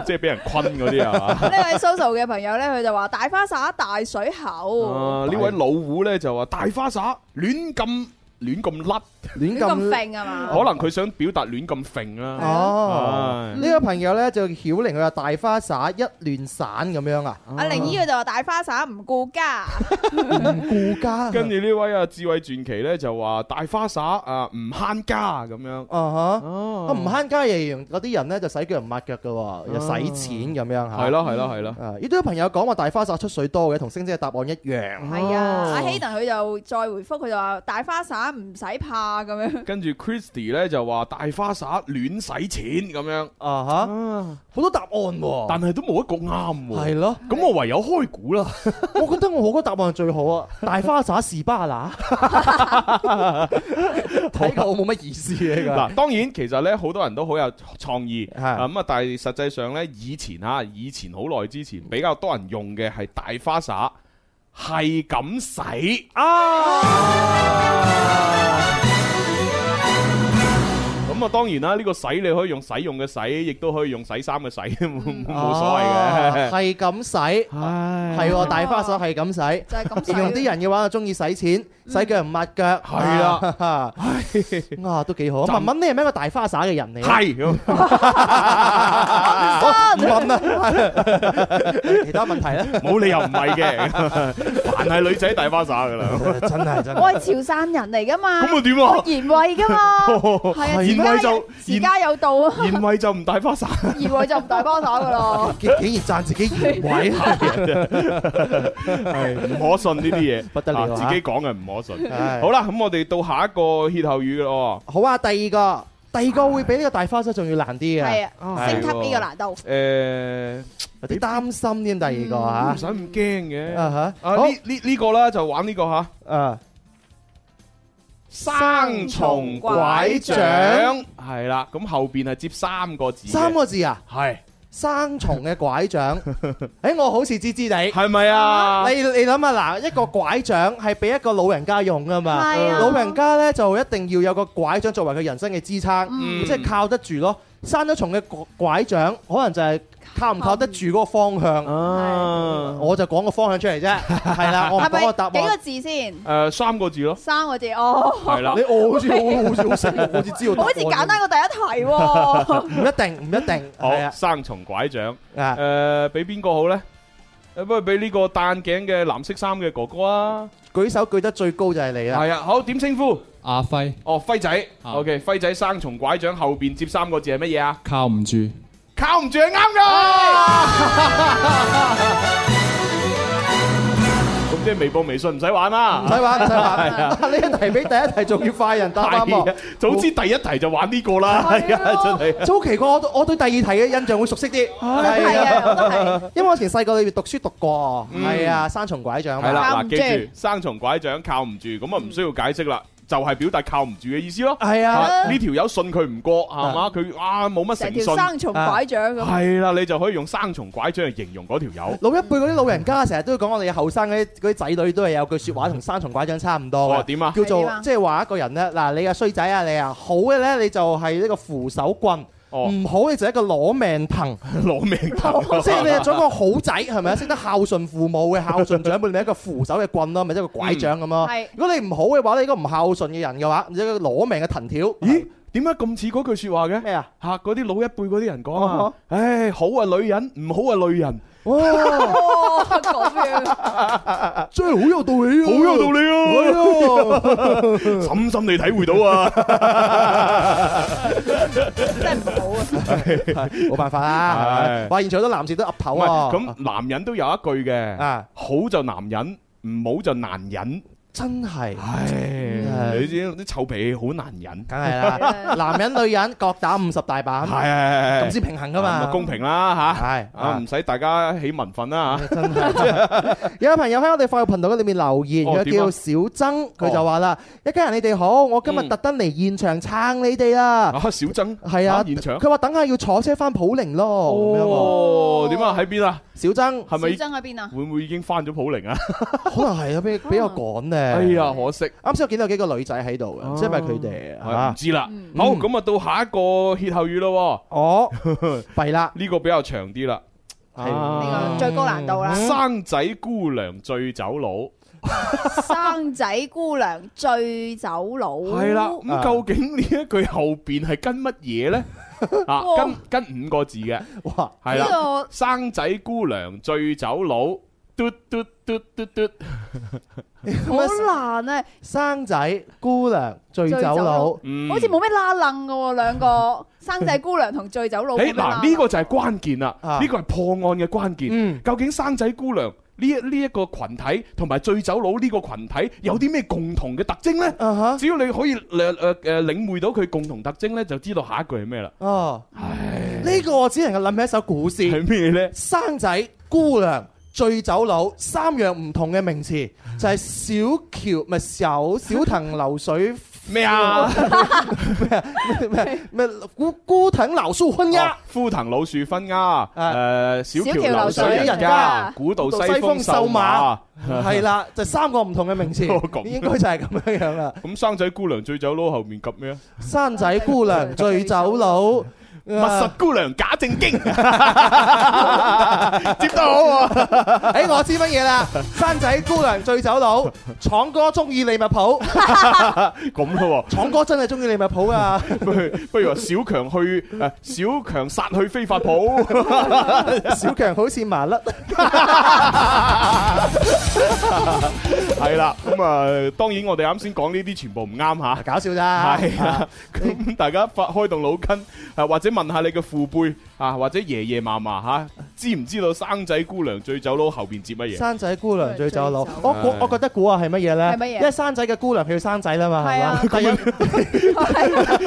即係俾人昆嗰啲係嘛？呢位 social 嘅朋友呢，佢就話大花灑大水口。呢位老虎呢，就話大花灑亂咁。亂咁甩，亂咁，可能佢想表達亂咁揈啦。哦，呢個朋友咧就曉玲佢話大花灑一亂散咁樣啊。阿玲姨佢就話大花灑唔顧家，唔顧家。跟住呢位阿智慧傳奇咧就話大花灑啊唔慳家咁樣。啊哈，哦，唔慳家又嗰啲人咧就洗腳唔抹腳噶，又使錢咁樣吓。係咯，係咯，係咯。亦都有朋友講話大花灑出水多嘅，同星姐嘅答案一樣。係啊，阿希頓佢就再回復佢就話大花灑唔使怕咁樣，跟住 Christy 咧就話大花灑亂使錢咁樣啊吓，好多答案、啊，但係都冇一個啱。係咯的，咁我唯有開估啦。我覺得我嗰個答案最好 啊，大花灑是巴拿，睇嚿我冇乜意思嘅。嗱，當然其實咧，好多人都好有創意，咁的啊，但係實際上咧，以前吓、啊，以前好耐之前，比較多人用嘅係大花灑。係咁使啊！啊。咁啊，當然啦，呢個洗你可以用使用嘅洗，亦都可以用洗衫嘅洗，冇所謂嘅。係咁洗，係大花灑係咁洗，就係咁用。啲人嘅話，就中意使錢，洗腳唔抹腳，係啊，啊都幾好。文文，你係咪一個大花灑嘅人嚟？係唔問啊？其他問題咧，冇理由唔係嘅，凡係女仔大花灑噶啦，真係真係。我係潮汕人嚟噶嘛，咁啊點啊？我賢惠噶嘛，慧就而家有到，賢慧就唔帶花灑，賢慧就唔帶花灑噶啦。竟竟然讚自己賢慧，唔可信呢啲嘢，不得了。自己講嘅唔可信。好啦，咁我哋到下一個歇後語咯。好啊，第二個，第二個會比呢個大花灑仲要難啲啊。係啊，升級呢個難度。誒，有啲擔心添第二個吓。唔使唔驚嘅。啊吓，好呢呢個啦，就玩呢個吓。啊。生蟲拐杖，係啦，咁後邊係接三個字，三個字啊，係是生蟲嘅拐杖。誒、 欸，我好似知知地，係咪啊？你你諗下嗱，一個拐杖係俾一個老人家用噶嘛，啊、老人家呢就一定要有個拐杖作為佢人生嘅支撐，即係、嗯、靠得住咯。生咗蟲嘅拐杖，可能就係靠唔靠得住嗰個方向。啊，我就講個方向出嚟啫。係啦，我講個答案。幾個字先？誒， 三個字咯。三個字哦。係啦對了，你喂好似好，好似好識，我好似知道答案 我好似簡單過第一題喎。唔一定，唔一定。 是的 好，生蟲拐杖。誒、呃，俾邊個好咧？不如俾呢個戴眼鏡嘅藍色衫嘅哥哥啊！舉手舉得最高就係你啦。係啊，好點稱呼？阿輝哦，輝仔，O K，輝仔，生蟲拐杖後邊接三個字係乜嘢啊？靠唔住，靠唔住係啱噶。咁即係微博、微信唔使玩啦，唔使玩，唔使玩。呢一題比第一題仲要快人答翻。早知第一題就玩呢個啦，係啊，真係。早期怪，我我對第二題嘅印象會熟悉啲。係啊，我都係，因為我以前細個嘅時讀書讀過。係啊，生蟲拐杖。係啦，嗱，記住，生蟲拐杖靠唔住，咁啊唔需要解釋啦。就係表達靠唔住嘅意思咯，係啊，呢、啊啊、條友信佢唔過，係嘛，啊？佢啊冇乜誠信，成條生蟲拐杖，係啦、啊，你就可以用生蟲拐杖嚟形容嗰條友。老一輩嗰啲老人家成日都會講我哋後生嗰啲啲仔女都係有句説話同生蟲拐杖差唔多。點啊？啊叫做、啊、即係話一個人咧，嗱你啊衰仔啊你啊，你好嘅、啊、咧你就係呢個扶手棍。唔、哦、好你就係、一個攞命藤，攞 命藤， 即係你做一個好仔係咪啊？識得孝順父母嘅孝順長輩，咪 一個扶手嘅棍咯，咪、就是、一個拐杖咁咯。嗯、如果你唔好嘅話是你一個唔孝順嘅人嘅話，你一個攞命嘅藤條。咦？點解咁似嗰句說話嘅？咩麼啊？吓，嗰啲老一輩嗰啲人講啊。嗯、哼唉，好啊，女人唔好啊，女人。哇，講嘢真係好有道理，啊！好有道理啊！深深你體會到啊， 真係唔好啊，冇 辦法啦、啊。哇唉，唉現在好多男士都岌頭啊！咁男人都有一句嘅，好就男人，唔好就難忍。」真係，你知啲臭脾氣好難忍，梗係啦。男人女人各打五十大板，係係係咁先平衡噶嘛，公平啦吓。係啊，唔使大家起民憤啦吓。真係，有朋友喺我哋發育頻道嘅裏面留言，佢叫小曾，佢就話啦：一家人你哋好，我今日特登嚟現場撐你哋啦。小曾係啊，現場佢話等下要坐車翻普寧咯。哦，點啊？喺邊啊？小曾係咪？小曾喺邊啊？會唔會已經翻咗普寧啊？可能係啊，俾俾我趕咧。哎呀，可惜！啱先我見到幾個女仔喺度嘅，即係咪佢哋？唔知啦。好，咁啊到下一個歇後語咯。哦，弊啦。呢個比較長啲啦，係呢個最高難度啦。生仔姑娘醉酒佬，生仔姑娘醉酒佬。係啦，咁究竟呢一句後邊係跟乜嘢咧？啊，跟跟五個字嘅。哇，係啦，呢個生仔姑娘醉酒佬，嘟嘟嘟嘟嘟，好難啊！生仔姑娘醉酒佬，好似冇咩拉褦嘅，兩個，生仔姑娘同醉酒佬。誒，嗱，呢個就係關鍵啦，呢個係破案嘅關鍵，究竟生仔姑娘？呢一呢一,一個群體同埋醉酒佬呢個群體有啲咩共同嘅特徵呢？Uh huh. 只要你可以誒誒、呃呃呃、領會到佢共同特徵呢，就知道下一句係咩啦。哦、uh，係、huh. 呢唉個我只能夠諗起一首古詩係咩呢？「生仔姑娘醉酒佬，三樣唔同嘅名詞、uh huh. 就係小橋咪小小藤流水。Uh huh. 咩啊？咩咩咩？枯枯藤老樹昏鴉，枯藤老樹昏鴉，誒，小橋流水人家，古道西風瘦馬，係啦，就三個唔同嘅名詞，應該就係咁樣樣啦。咁生仔姑娘醉酒佬後面及咩啊？生仔姑娘醉酒佬。密實姑娘假正經， 接得好喎，啊。誒、欸，我知乜嘢啦？山仔姑娘醉酒佬，廠哥中意利物浦。咁咯、 啊。廠哥真係中意利物浦啊。 不如不如話小強去誒，小強殺去非法浦。 小強好似麻甩。係 啦， 咁、嗯、啊，當然我哋啱先講呢啲全部唔啱吓，搞笑咋，啊？係， 咁大家發開動腦筋，誒，或者。問下你嘅父輩啊，或者爺爺嫲嫲吓，知唔知道生仔姑娘醉酒佬後邊接乜嘢？生仔姑娘醉酒佬，酒佬我是我我覺得估下係乜嘢咧？係乜嘢？因為生仔嘅姑娘佢要生仔啦嘛，係嘛？第二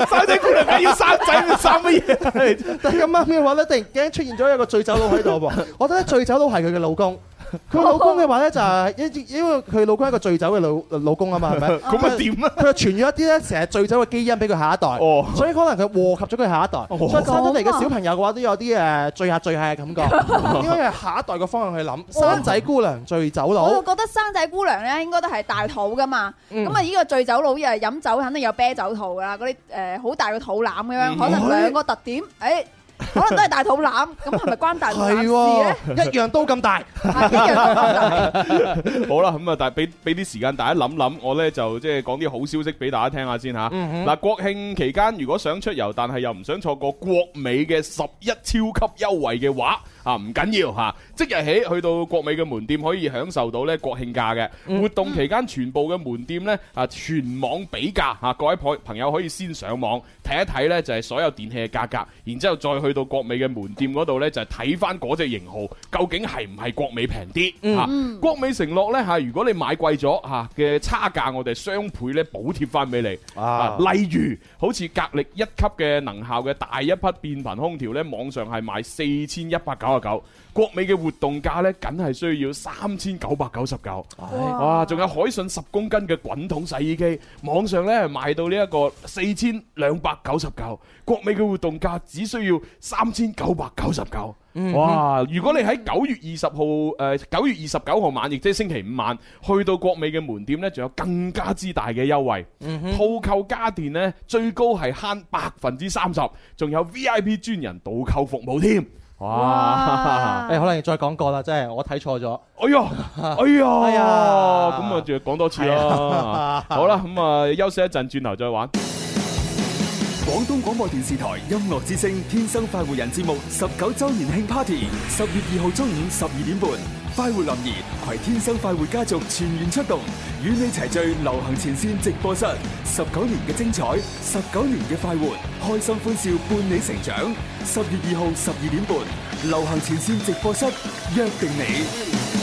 生仔姑娘係要生仔生，生乜嘢？但咁啱咩話咧？突然驚出現咗一個醉酒佬喺度喎， 我覺得醉酒佬係佢嘅老公。佢老公嘅話咧就係、是、因因為佢老公係一個醉酒嘅老老公啊嘛，係咪？咁啊點啊？佢就傳咗一啲咧，成日醉酒嘅基因俾佢下一代。哦，所以可能佢禍及咗佢下一代。哦、所以生出嚟嘅小朋友嘅話都有啲誒醉下醉下嘅感覺。應該係下一代嘅方向去諗。生仔姑娘、哦、醉酒佬。我覺得生仔姑娘咧應該都係大肚噶嘛。咁啊、嗯，呢個醉酒佬又係飲酒，肯定有啤酒肚噶啦。嗰啲誒好大個肚腩咁樣，嗯、可能兩個特點。誒、嗯。欸 可能都係大肚腩，咁係咪關大肚腩事咧？一樣都咁大，一樣都咁大。好啦，咁啊，但係俾俾啲時間大家諗諗，我呢就即係講啲好消息俾大家聽下先吓。嗱、啊，嗯、哼國慶期間如果想出遊，但係又唔想錯過國美嘅十一超級優惠嘅話。啊，唔緊要嚇，即日起去到國美嘅門店可以享受到咧國慶假嘅、嗯、活動期間，全部嘅門店咧，啊全網比價嚇、啊，各位朋友可以先上網睇一睇咧，就係、是、所有電器嘅價格，然之後再去到國美嘅門店嗰度咧，就係睇翻嗰隻型號究竟係唔係國美平啲嚇。啊嗯、國美承諾咧嚇，如果你買貴咗嚇嘅差價，我哋雙倍咧補貼翻俾你啊，啊。例如好似格力一級嘅能效嘅大一匹變頻空調咧，網上係賣四千一百九啊。九國美嘅活動價呢，緊係需要三千九百九十九。哇！仲有海信十公斤嘅滾筒洗衣機，網上呢賣到呢一個四千兩百九十九。國美嘅活動價只需要三千九百九十九。哇！如果你喺九月二十號誒九月二十九號晚，亦即係星期五晚，去到國美嘅門店呢，仲有更加之大嘅優惠。套購家電呢，最高係慳百分之三十，仲有 VIP 專人導購服務添。哇！誒哇、 欸，可能再講過啦，真係我睇錯咗。哎呀，哎呀，咁啊，仲要講多次咯。好啦，咁啊，休息一陣，轉頭再玩。廣 東廣播電視台音樂之聲《天生快活人》節目十九周年慶 party，十月二號中午十二點半。快活林兒，攜天生快活家族全員出動，與你齊聚流行前線直播室。十九年嘅精彩，十九年嘅快活，開心歡笑伴你成長。十月二號十二點半，流行前線直播室約定你。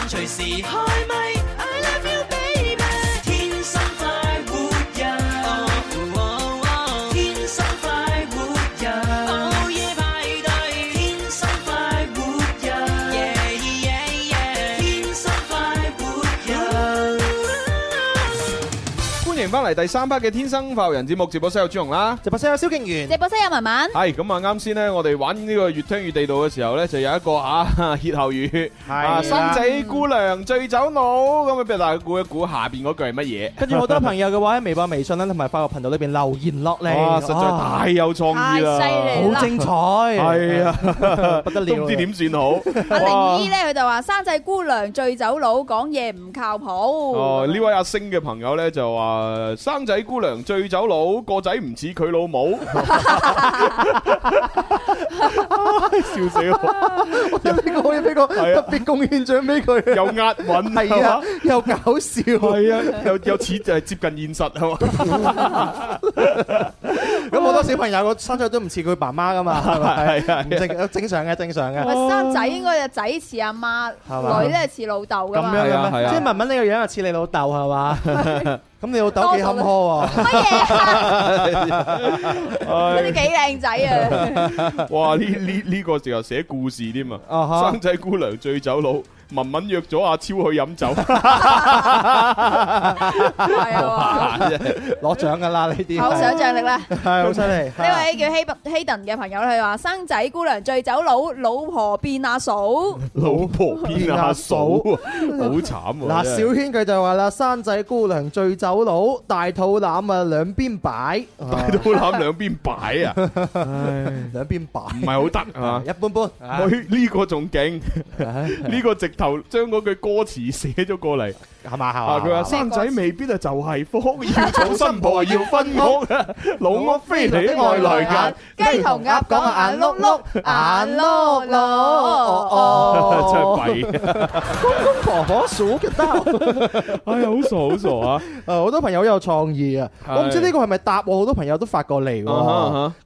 隨時開咪。翻嚟第三 part 嘅天生快活人節目，直播室有張榮啦，直播室有蕭敬元，直播室有文文。係咁啊！啱先咧，我哋玩呢個越聽越地道嘅時候咧，就有一個啊歇後語，啊，生仔姑娘醉酒佬，咁啊畀大家估一估下邊嗰句係乜嘢？跟住好多朋友嘅話喺微博、微信啦，同埋快活頻道裏邊留言落嚟啊，實在太有創意啦，犀利，好精彩，係啊，不得了，都唔知點算好。阿玲姨咧，佢就話，生仔姑娘醉酒佬，講嘢唔靠譜。哦，呢位阿星嘅朋友咧就話。生仔姑娘醉酒佬，個仔唔似佢老母，笑死我！呢個可以俾個特別貢獻獎俾佢，又押韻係啊，又搞笑係啊，又又似就係接近現實係嘛？咁好多小朋友個生仔都唔似佢爸媽噶嘛？係咪？係啊，正正常嘅正常嘅。生仔應該就仔似阿媽，女咧似老豆噶嘛？咁樣即係文文呢個樣又似你老豆係嘛？咁你老豆幾坎坷啊？乜嘢？你幾靚仔啊？哇！呢呢呢個就寫故事添啊！Uh huh. 生仔姑娘醉酒佬。文文約咗阿超去飲酒，係啊，攞獎噶啦呢啲，好想象力咧，好犀利。呢位叫希布希頓嘅朋友咧，佢話生仔姑娘醉酒佬，老婆變阿嫂，老婆變阿嫂，好慘啊！嗱，小軒佢就話啦，生仔姑娘醉酒佬，大肚腩啊兩邊擺，大肚腩兩邊擺啊，兩邊擺唔係好得啊，一般般。佢呢個仲勁，呢個值。將嗰句歌詞寫咗過嚟。係嘛？係嘛？佢話生仔未必啊，就係福；要娶新婆，要分屋老屋，非嚟啲外來人。雞同鴨講，眼碌碌，眼碌碌，真係弊。公公婆婆數得，哎呀，好傻，好傻啊！誒，好多朋友好有創意啊！我唔知呢個係咪答我？好多朋友都發過嚟，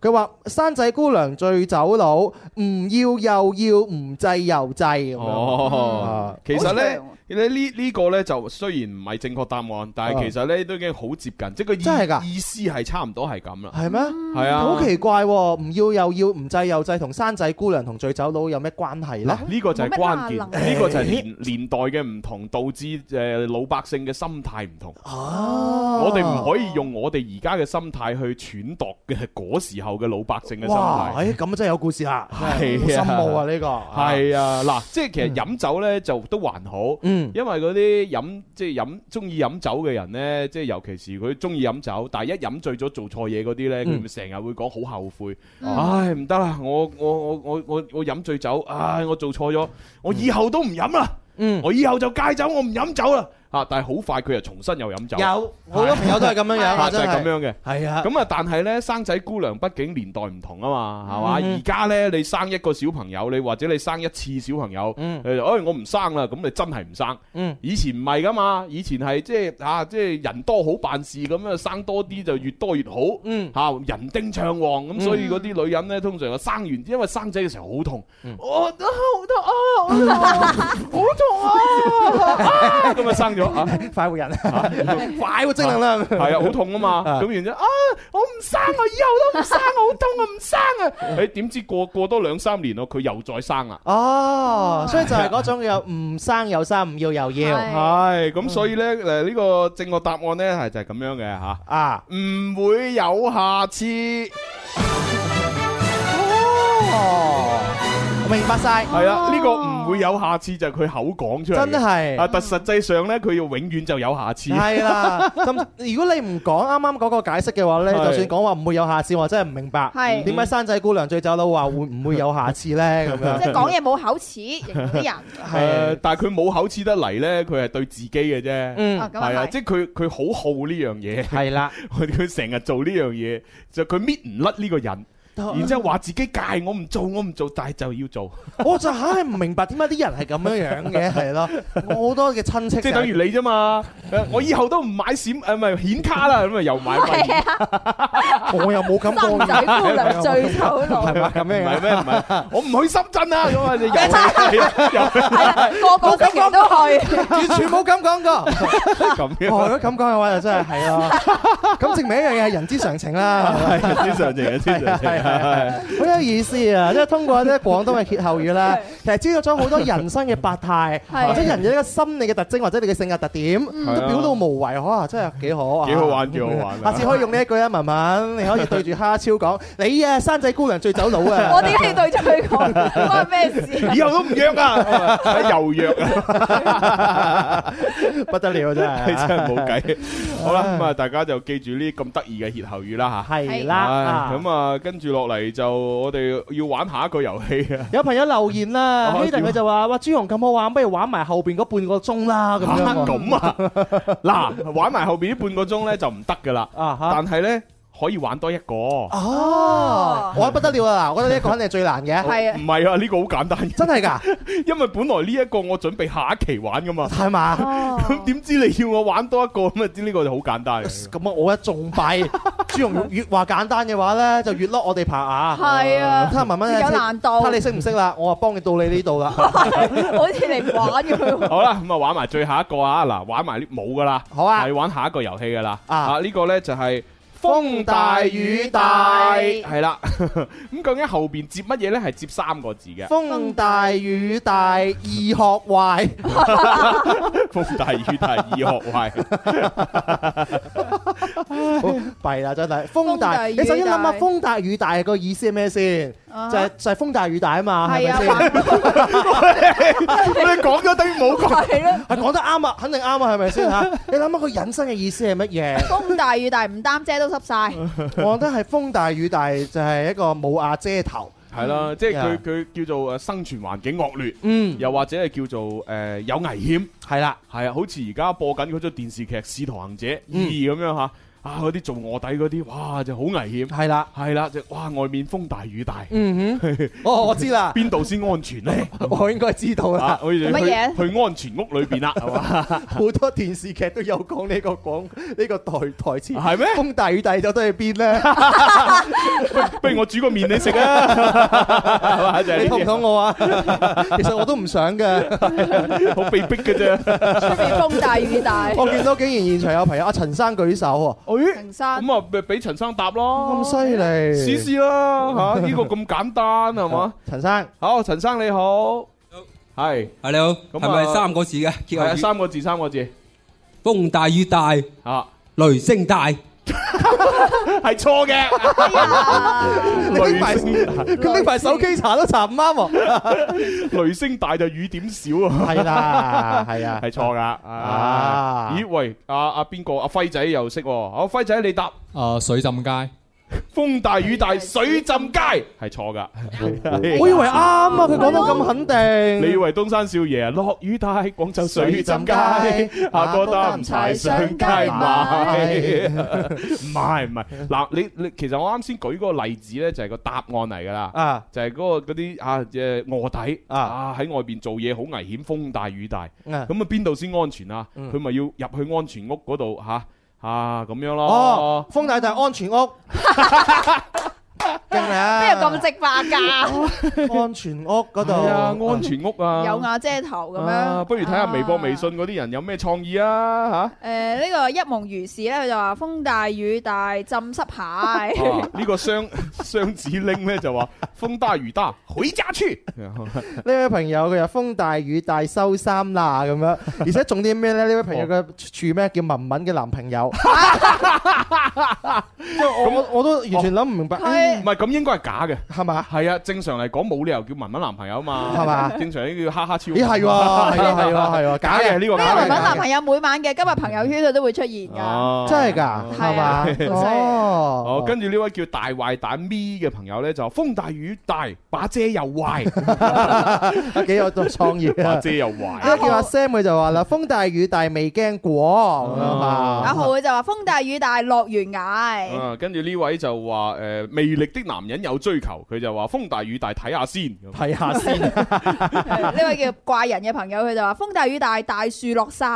佢話生仔姑娘醉酒佬，唔要又要，唔制又制。咁樣，其實咧。咧呢呢個咧就雖然唔係正確答案，但係其實咧都已經好接近，即個意意思係差唔多係咁啦。係咩？係啊！好奇怪喎，唔要又要，唔制又制，同山仔姑娘同醉酒佬有咩關係咧？呢個就係關鍵，呢個就係年年代嘅唔同導致誒老百姓嘅心態唔同。我哋唔可以用我哋而家嘅心態去揣度嘅係嗰時候嘅老百姓嘅心態。哇，咁真係有故事啦。係啊，好深奧啊呢個。係啊，嗱，即係其實飲酒咧就都還好。因為嗰啲飲即係飲鍾意飲酒嘅人呢，即係尤其是佢鍾意飲酒，但係一飲醉咗做錯嘢嗰啲呢，佢咪成日會講好後悔。唉，唔得啦，我我我我我我飲醉酒，唉，我做錯咗，我以後都唔飲啦。嗯，我以後就戒酒，我唔飲酒啦。但係好快佢又重新又飲酒，有好多朋友都係咁樣樣，真係咁樣嘅，係啊。咁啊，但係咧，生仔姑娘畢竟年代唔同啊嘛，係嘛？而家咧，你生一個小朋友，你或者你生一次小朋友，誒，我唔生啦，咁你真係唔生。嗯，以前唔係噶嘛，以前係即係啊，即係人多好辦事，咁樣生多啲就越多越好。嗯，吓人丁暢旺，咁所以嗰啲女人咧，通常就生完，因為生仔嘅時候好痛，我好痛啊，好痛啊，啊，咁啊生咗。快活人，啊、 快活精靈啦，係啊，好、啊、痛啊嘛，咁然之啊，我唔生啊，以後都唔生，我好 痛啊，唔生啊，誒、哎，點知過過多兩三年咯，佢又再生啊？哦，所以就係嗰種又唔生又生，唔要又要，係是，咁所以咧誒呢、嗯、個正確答案咧係就係、是、咁樣嘅吓，啊，唔、啊、會有下次。哦明白晒，係啊！呢個唔會有下次就係佢口講出嚟，真係啊！但實際上咧，佢要永遠就有下次。係啦，咁如果你唔講啱啱嗰個解釋嘅話咧，就算講話唔會有下次，我真係唔明白，點解山仔姑娘醉酒佬話會唔會有下次咧？咁樣即係講嘢冇口齒，形容啲人。係但係佢冇口齒得嚟咧，佢係對自己嘅啫。嗯，係啊，即係佢佢好好呢樣嘢。係啦，佢佢成日做呢樣嘢，就佢搣唔甩呢個人。然之後話自己戒，我唔做，我唔做，但係就要做。我就唉，唔明白點解啲人係咁樣樣嘅，係咯。我好多嘅親戚即係等於你啫嘛。我以後都唔買閃誒唔係顯卡啦，咁咪又買。係啊，我又冇咁。山仔姑娘最醜女係咪？咩咩？唔係。我唔去深圳啊！咁啊，你又係啊？個個都見到去，完全冇咁講過。咁嘅，咁講嘅話，就真係係咯。咁證明一樣嘢係人之常情啦。係人之常情嘅，常情。好有意思啊！即係通過啲廣東嘅歇後語咧，其實知道咗好多人生嘅百態，或者人嘅一個心理嘅特徵，或者你嘅性格特點，都表露無遺。哇，真係幾好，幾好玩，幾好玩！下次可以用呢一句啊，文文，你可以對住蝦超講：你啊，山仔姑娘醉酒佬啊！我點解要對住佢講？咁係咩事？以後都唔約啊，又約啊，不得了真係，真係冇計。好啦，咁啊，大家就記住呢啲咁得意嘅歇後語啦吓。係啦，咁啊，跟住。落嚟就我哋要玩下一個遊戲啊！有朋友留言啦、啊，佢 就話：哇，朱紅咁好玩，不如玩埋後邊嗰半個鐘啦。咁咁啊，嗱、啊， 玩埋後邊呢半個鐘咧就唔得㗎喇。 但係咧。可以玩多一個哦，我不得了啦！我覺得呢個肯定係最難嘅，係啊，唔係啊？呢個好簡單，真係噶？因為本來呢一個我準備下一期玩噶嘛，係嘛？咁點知你要我玩多一個咁啊？知呢個就好簡單。咁啊，我一中弊，朱榮越話簡單嘅話咧，就越攞我哋拍啊！係啊，睇下慢慢有難度，睇你識唔識啦。我啊幫你到你呢度啦，好似嚟玩好啦，咁啊玩埋最後一個啊嗱，玩埋冇噶啦，好啊，係玩下一個遊戲噶啦啊，呢個咧就係。風大雨大係啦，咁、嗯、究竟後邊接乜嘢咧？係接三個字嘅。風大雨大易學壞， 風大雨大易學壞，弊啦真係。風大雨，你首先諗下想想想風大雨大個意思係咩先？就係、是、就係風大雨大啊嘛，係咪先？我哋講咗等於冇講咯，係講得啱啊，肯定啱啊，係咪先吓？你諗下佢引申嘅意思係乜嘢？風大雨大唔擔遮都濕晒， 我覺得係風大雨大就係、是、一個冇瓦遮頭，係啦、啊，嗯、即係佢佢叫做誒生存環境惡劣，嗯，又或者係叫做誒、呃、有危險，係啦、啊，係啊，好似而家播緊嗰出電視劇《使徒行者二》咁樣吓。嗯啊啊！嗰啲做臥底嗰啲，哇，就好危險。係啦，係啦，就哇，外面風大雨大。嗯哼。哦，我知啦。邊度先安全咧？我應該知道啦。乜嘢？去安全屋裏邊啦，係嘛？好多電視劇都有講呢個講呢個台台詞。係咩？風大雨大，到底係邊咧？不如我煮個麵你食啊？你肚唔肚餓啊？其實我都唔想嘅，好被逼嘅啫。出面風大雨大。我見到竟然現場有朋友，阿陳生舉手陳、欸、生，咁啊，咪俾陳生答咯，咁犀利，試試咯吓，呢個咁簡單係嘛？陳 吧生，好，陳生你好，係，你好，係咪三個字嘅？係、uh, 婚啊、三個字，三個字，風大雨大啊，uh. 雷聲大。係錯嘅，你拎埋，佢拎埋手機查都查唔啱喎。雷聲星大， 大就雨點少啊，係啦，係啊，係錯噶。啊，咦喂，啊，阿邊個？阿輝、啊、仔又識、啊，好、啊、輝仔你答。啊、呃，水浸街。風大雨大水浸街係錯噶，我以為啱啊！佢講得咁肯定。你以為東山少爺啊？落雨大，廣州水浸街，阿哥擔柴上街買，唔係唔係嗱？你你其實我啱先舉個例子呢，就係個答案嚟噶啦。啊，就係嗰個嗰啲啊臥底，啊喺外邊做嘢，好危險，風大雨大，咁啊邊度先安全啊？佢咪要入去安全屋嗰度吓？啊，咁樣咯，哦，風大大安全屋。 真係啊！不如咁直白㗎，安全屋嗰度，安全屋啊，有瓦遮頭咁樣。不如睇下微博、微信嗰啲人有咩創意啊吓？誒，呢個一夢如是咧，就話風大雨大浸濕鞋。呢個雙雙子拎咧就話風大雨大回家去。呢位朋友佢又風大雨大收衫啦咁樣，而且仲啲咩咧？呢位朋友佢住咩？叫文文嘅男朋友。咁我我都完全諗唔明白。唔係。咁應該係假嘅，係咪啊？係啊，正常嚟講冇理由叫雯雯男朋友啊嘛，係咪啊？正常應該叫哈哈超。咦係喎，係喎，係喎，假嘅呢個。雯雯男朋友每晚嘅今日朋友圈佢都會出現㗎，真係㗎，係嘛？哦。哦，跟住呢位叫大壞蛋咪嘅朋友咧就風大雨大，把遮又壞，幾有創意。把遮又壞。一叫阿 Sam 佢就話啦，風大雨大未驚過。阿豪佢就話風大雨大落完崖。啊，跟住呢位就話誒魅力的，男人有追求，佢就話風大雨大睇下看先，睇下先。呢位叫怪人嘅朋友，佢就話風大雨大，大樹落晒。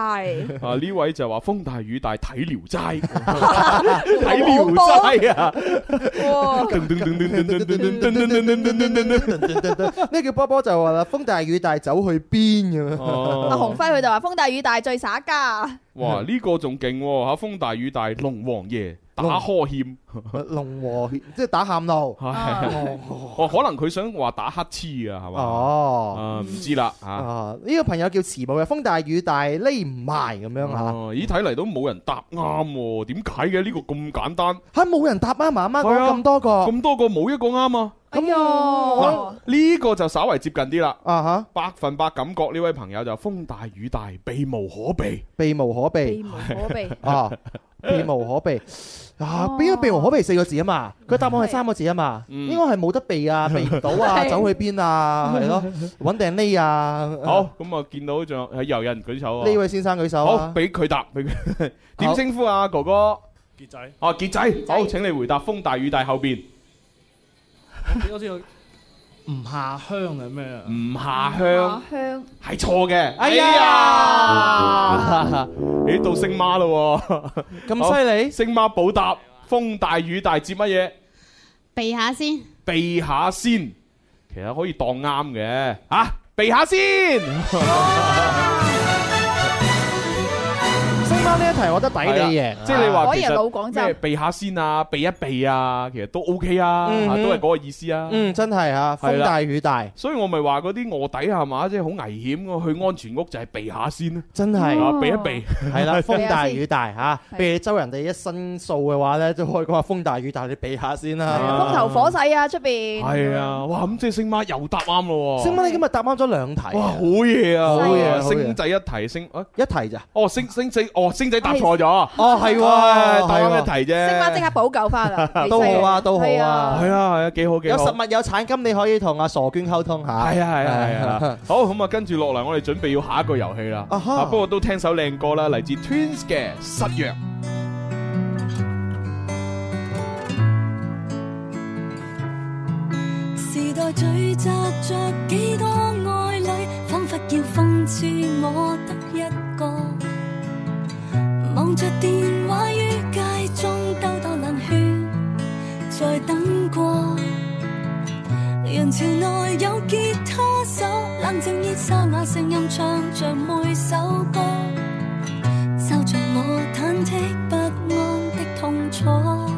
啊，呢位就話風大雨大睇聊齋，睇聊齋啊。咩叫波波就話啦？風大雨大走去邊咁？阿洪輝佢就話風大雨大醉耍家。 齋啊、 哇呢、這個仲勁喎吓，風大雨大龍王爺。打呵欠，龍和血，即係打喊路，可能佢想話打黑痴啊，係嘛？哦，唔知啦，啊，呢個朋友叫慈母嘅，風大雨大，匿唔埋咁樣啊？咦，睇嚟都冇人答啱喎，點解嘅？呢個咁簡單，吓冇人答啱，媽媽講咁多個，咁多個冇一個啱啊？咁呢個就稍微接近啲啦，啊哈，百分百感覺呢位朋友就風大雨大，避無可避，避無可避，避無可避啊！避無可避啊！邊個避無可避四個字啊嘛？佢答案係三個字啊嘛？對 應該係冇得避啊，避唔到啊，對 走去邊啊？係咯，搵定匿啊？好，咁我見到仲係又有人舉手啊？呢位先生舉手、啊、好，俾佢答，俾佢點稱呼啊？哥哥傑仔，哦傑仔，好，請你回答風大雨大後邊。 唔下鄉係咩啊？唔下鄉，係錯嘅。哎呀，你、哎呀哎、到星媽啦，咁犀利！星媽寶答，風大雨大接乜嘢？避下先。避下先，其實可以當啱嘅。吓、啊，避下先。 星媽呢？一題我覺得抵你贏，即係你話其實即係避下先啊，避一避啊，其實都 O K 啊，都係嗰個意思啊。嗯，真係啊，風大雨大，所以我咪話嗰啲臥底係嘛，即係好危險。去安全屋就係避下先咯。真係，避一避係啦。風大雨大吓，避周人哋一申訴嘅話呢，就可以講話，風大雨大，你避下先啦。風頭火勢啊，出邊係啊，哇咁即係星媽又答啱咯。星媽你今日答啱咗兩題。哇，好嘢啊，好嘢！星仔一提，星，一題咋？哦，星星仔，哦星仔。答錯咗哦，係喎，啱一題啫。升翻即刻補救翻啦，都好啊，都好啊，係啊，係啊，幾好幾好。有實物有產金，你可以同阿傻娟溝通下。係啊，係啊，係啊。好，咁啊，跟住落嚟，我哋準備要下一個遊戲啦。不過都聽首靚歌啦，嚟自 Twins 嘅《失約》。時代聚集着幾多愛侶，彷彿要諷刺我得一個。望着電話，於街中兜兜冷圈，在等過人潮內有吉他手，冷靜而沙啞聲音唱着每首歌，奏着我忐忑不安的痛楚。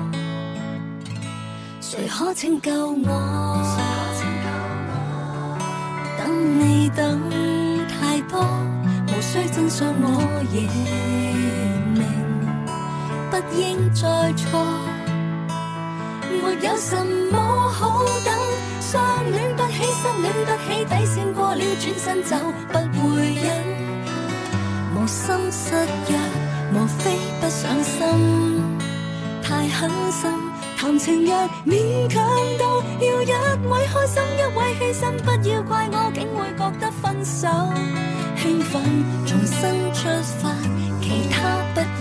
誰可拯救我？誰可拯救我？等你等太多，無需真相我，我亦。不應再錯，沒有什麼好等。相戀不起，相戀不起，底線過了，轉身就不會忍。無心失約，無非不想心太狠心。談情若勉強到要一位開心，一位犧牲，不要怪我，竟會覺得分手興奮，重新出發。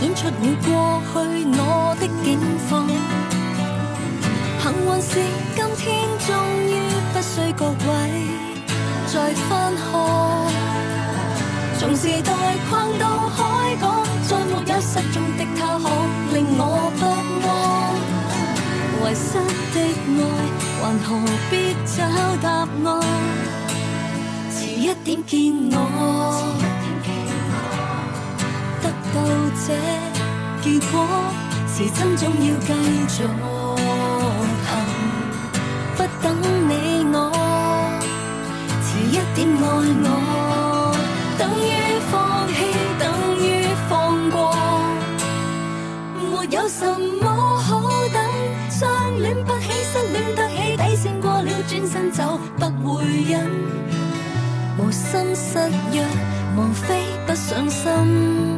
演出了過去我的境況，幸運是今天終於不需各位再翻看。從時代跨到海港，再沒有失蹤的他，可令我不安。遺失的愛，還何必找答案？遲一點見我。到這結果，時針總要繼續行，嗯，不等你我，遲一點愛我，等於放棄，等於放過。沒有什麼好等，相戀不起，失戀得起，底線過了，轉身走，不回忍，無心失約，無非不上心。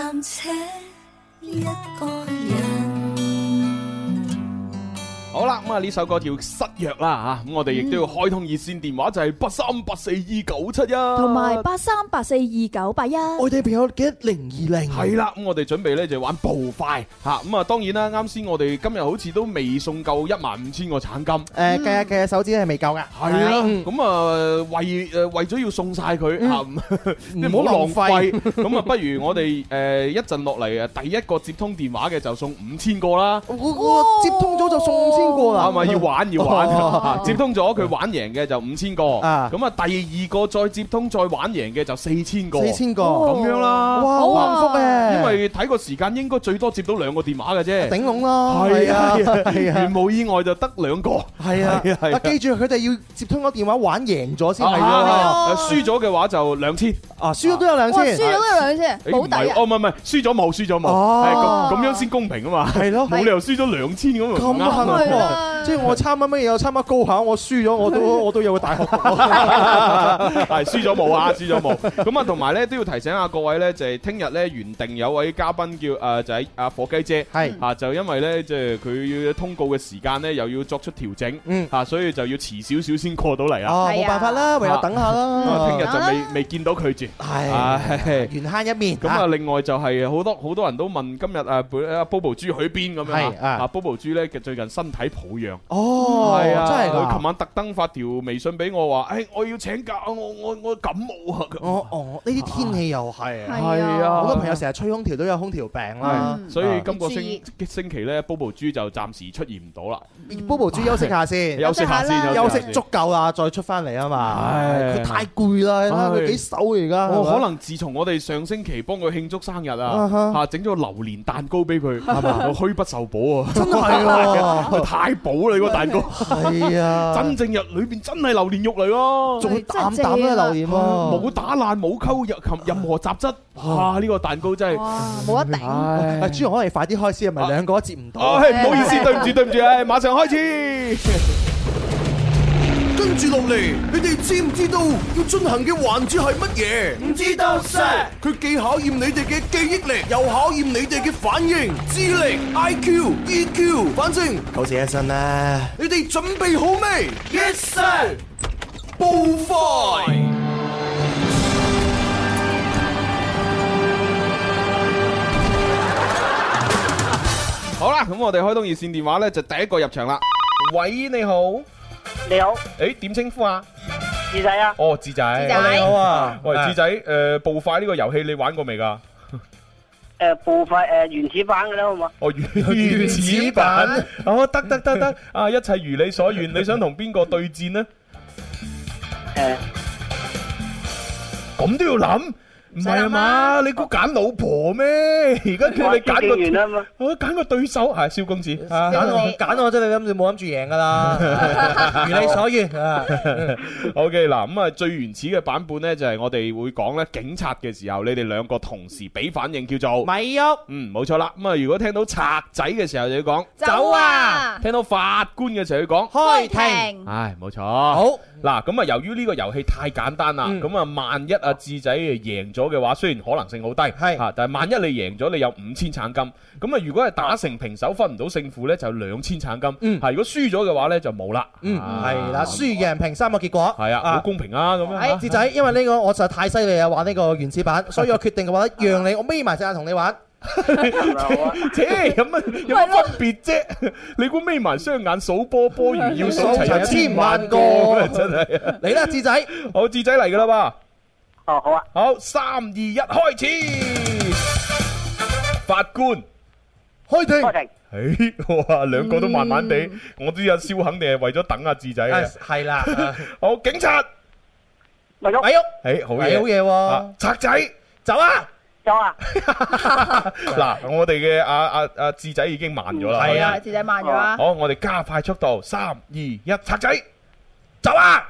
暫且一個人。好啦，咁啊呢首歌叫失約啦吓，咁我哋亦都要開通熱線電話就係八三八四二九七一，同埋八三八四二九八一。我哋入邊有幾零二零？係啦，咁我哋準備咧就玩捕快吓，咁啊、嗯、當然啦，啱先我哋今日好似都未送夠一萬五千個橙金，誒計下計下手指係未夠嘅，係啊，咁啊、嗯、為誒為咗要送晒佢吓，唔、啊、好、嗯嗯、浪費，咁啊、嗯、不如我哋誒、呃、一陣落嚟誒第一個接通電話嘅就送五千個啦，我我、哦、接通咗就送。千個要玩要玩，接通咗佢玩贏嘅就五千個，咁啊第二個再接通再玩贏嘅就四千個，四千個咁樣啦。哇，好幸福啊，因為睇個時間應該最多接到兩個電話嘅啫，頂籠咯，係啊，係冇意外就得兩個，係啊係。嗱，記住佢哋要接通個電話玩贏咗先係咯，輸咗嘅話就兩千，啊輸咗都有兩千，輸咗都有兩千，好抵，哦唔係唔係，輸咗冇，輸咗冇，哦咁樣先公平啊嘛，係咯，冇理由輸咗兩千咁。即係我參加乜嘢？我參加高考，我輸咗我都我都有個大學。係輸咗冇啊，輸咗冇。咁啊，同埋咧都要提醒下各位咧，就係聽日咧原定有位嘉賓叫啊，就係阿火雞姐。係啊，就因為咧即係佢要通告嘅時間咧，又要作出調整，嗯啊，所以就要遲少少先過到嚟啦。哦，冇辦法啦，唯有等下咯。啊，聽日就未未見到佢住。係係係，緣慳一面。咁啊，另外就係好多好多人都問今日啊，BoBo 豬去邊咁樣啊？BoBo 豬咧嘅最近身體。喺抱恙哦，係啊，真係，佢琴晚特登發條微信俾我話：誒，我要請假，我我我感冒啊！哦哦，呢啲天氣又係係啊，好多朋友成日吹空調都有空調病啦。所以今個星星期咧，Bobo 豬就暫時出現唔到啦。Bobo 豬休息下先，休息下先，休息足夠啦，再出翻嚟啊嘛。佢太攰啦，佢幾瘦而家。可能自從我哋上星期幫佢慶祝生日啊，嚇整咗個榴蓮蛋糕俾佢，係咪？我虛不受補啊！太補啦，個蛋糕係啊！真正入裏邊真係榴蓮肉嚟咯，仲啖啖都榴蓮咯，冇打爛冇溝入任何雜質，哇！呢個蛋糕真係冇得頂。朱紅，可唔可以快啲開始啊？係咪兩個都接唔到？係唔好意思，對唔住對唔住，係馬上開始。跟住落嚟，你哋知唔知道要進行嘅環節係乜嘢？唔知道 Sir，佢既考驗你哋嘅記憶力，又考驗你哋嘅反應、智力、I Q、E Q。反正，休息一陣啦。你哋準備好未？Yes Sir。捕快！好啦，咁我哋開通熱線電話咧，就第一個入場啦。喂，你好。你好，誒、欸，點稱呼啊？智仔啊，哦，智仔，仔、哦，你好啊，喂，智、啊、仔，誒、呃，捕快呢個遊戲你玩過未噶？誒、呃，捕快誒、呃、原始版噶啦好嘛？哦，原始版，始版哦，得得得得， 啊，一切如你所願，你想同邊個對戰呢？誒， 咁都要諗？唔係啊嘛，你估揀老婆咩？而家叫你揀個，我揀個對手係蕭公子，揀我揀我真係諗住冇諗住贏噶啦，如你所願。OK 嗱，咁啊最原始嘅版本咧，就係我哋會講咧警察嘅時候，你哋兩個同時俾反應叫做咪喐，嗯冇錯啦。咁啊如果聽到賊仔嘅時候就要講走啊，聽到法官嘅時候要講開庭，唉冇錯，好。嗱，咁啊，由於呢個遊戲太簡單啦，咁啊、嗯，萬一阿、啊、智仔贏咗嘅話，雖然可能性好低，嚇是，但係萬一你贏咗，你有五千橙金，咁啊，如果係打成平手，分唔到勝負呢，就兩千橙金，嚇、嗯，如果輸咗嘅話呢，就冇啦，嗯，係啦、啊，輸贏平三個結果，係的啊，好公平啊，咁、哎、樣嚇，智仔，因為呢個我實在太犀利啊，玩呢個原始版，所以我決定嘅話，讓你、啊、我眯埋隻眼同你玩。切 有乜對了 有分別啫？你估眯埋雙眼數波波魚要數齊一千萬個真係嚟啦智仔，好智仔嚟噶啦吧？哦好啊，好，三二一開始，法官開庭定。哎哇謝，兩 個都慢慢地，我呢日燒肯定係為咗等阿智仔啊。係 啦，好警察，哎喲哎喐！哎、欸、好嘢好嘢，賊、啊、仔走啊！咗啊！嗱，我哋嘅阿阿阿智仔已經慢咗啦，係啊，智仔慢咗啦！好，我哋加快速度，三二一，賊仔走啊！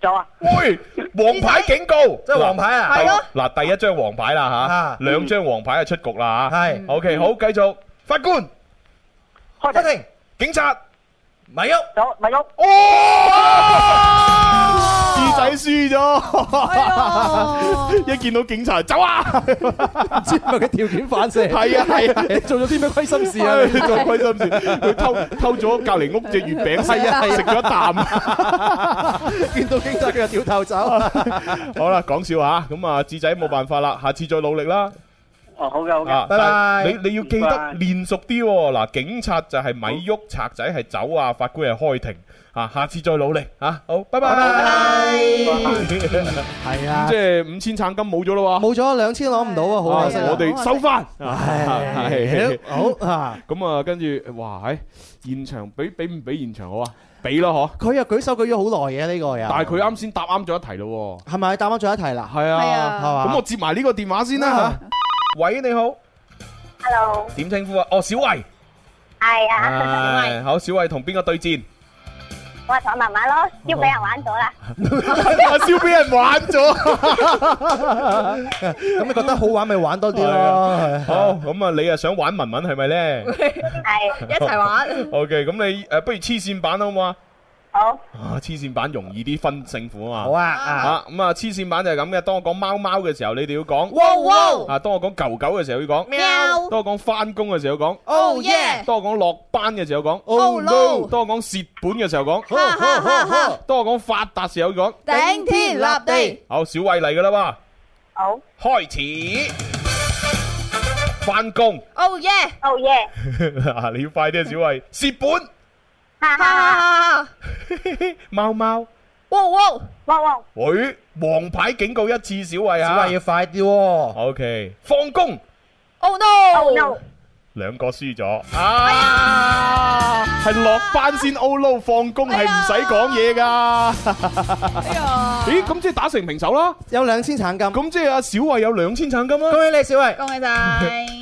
走啊！喂，黃牌警告，即係黃牌啊！係咯，嗱，第一張黃牌啦吓，兩張黃牌啊，出局啦吓，係，OK，好，繼續，法官，開庭，警察，咪喐，走，咪喐，哦！使輸咗，一見到警察走啊！專業嘅條件反射，係啊係啊，啊 你做咗啲咩虧心事啊？ 做虧心事，佢 偷偷咗隔籬屋隻月餅，係啊，食咗一啖， 見到警察就掉頭走 好。好啦，講笑話，咁啊智仔冇辦法啦，下次再努力啦。哦，好嘅，好嘅，拜拜。你你要記得練熟啲喎。嗱，警察就係咪喐，賊仔係走啊，法官係開庭啊。下次再努力啊。好，拜拜。係啊，即係五千獎金冇咗啦，哇！冇咗兩千攞唔到啊，好可惜。我哋收翻。好啊。咁啊，跟住哇，喺現場俾俾唔俾現場好啊？俾咯，嗬。佢啊舉手舉咗好耐嘅呢個啊。但係佢啱先答啱咗一題咯。係咪答啱咗一題啦？係啊，係嘛。咁我接埋呢個電話先啦。喂，你好。Hello。點稱呼啊？哦，小慧。係啊，阿小慧。好，小慧同邊個對戰？我同阿文文咯，燒俾人玩咗啦。燒俾人玩咗。咁你覺得好玩咪玩多啲咯。好，咁啊，你啊想玩文文係咪咧？係，一齊玩。OK，咁你誒，不如黐線版好唔好？好啊！黐線版容易啲分勝負啊嘛！好啊！啊咁啊！黐線版就係咁嘅。當我講貓貓嘅時候，你哋要講哇哇。啊！當我講狗狗嘅時候要講喵。當我講翻工嘅時候講 oh yeah。當我講落班嘅時候講 oh no。當我講蝕本嘅時候講。當我講發達嘅時候講頂天立地。好，小慧嚟噶啦噃。好，開始。翻工。oh yeah oh yeah。你要快啲啊，小慧。蝕本。啊！貓貓，哇哇哇哇！喂，黃牌警告一次，小慧啊！小慧要快啲。O K，放工。Oh no！兩個輸咗啊！係落班先，oh no 放工係唔使講嘢噶。哎呀！咦，咁即係打成平手啦？有兩千獎金。咁即係阿小慧有兩千獎金啊！恭喜你，小慧，恭喜晒。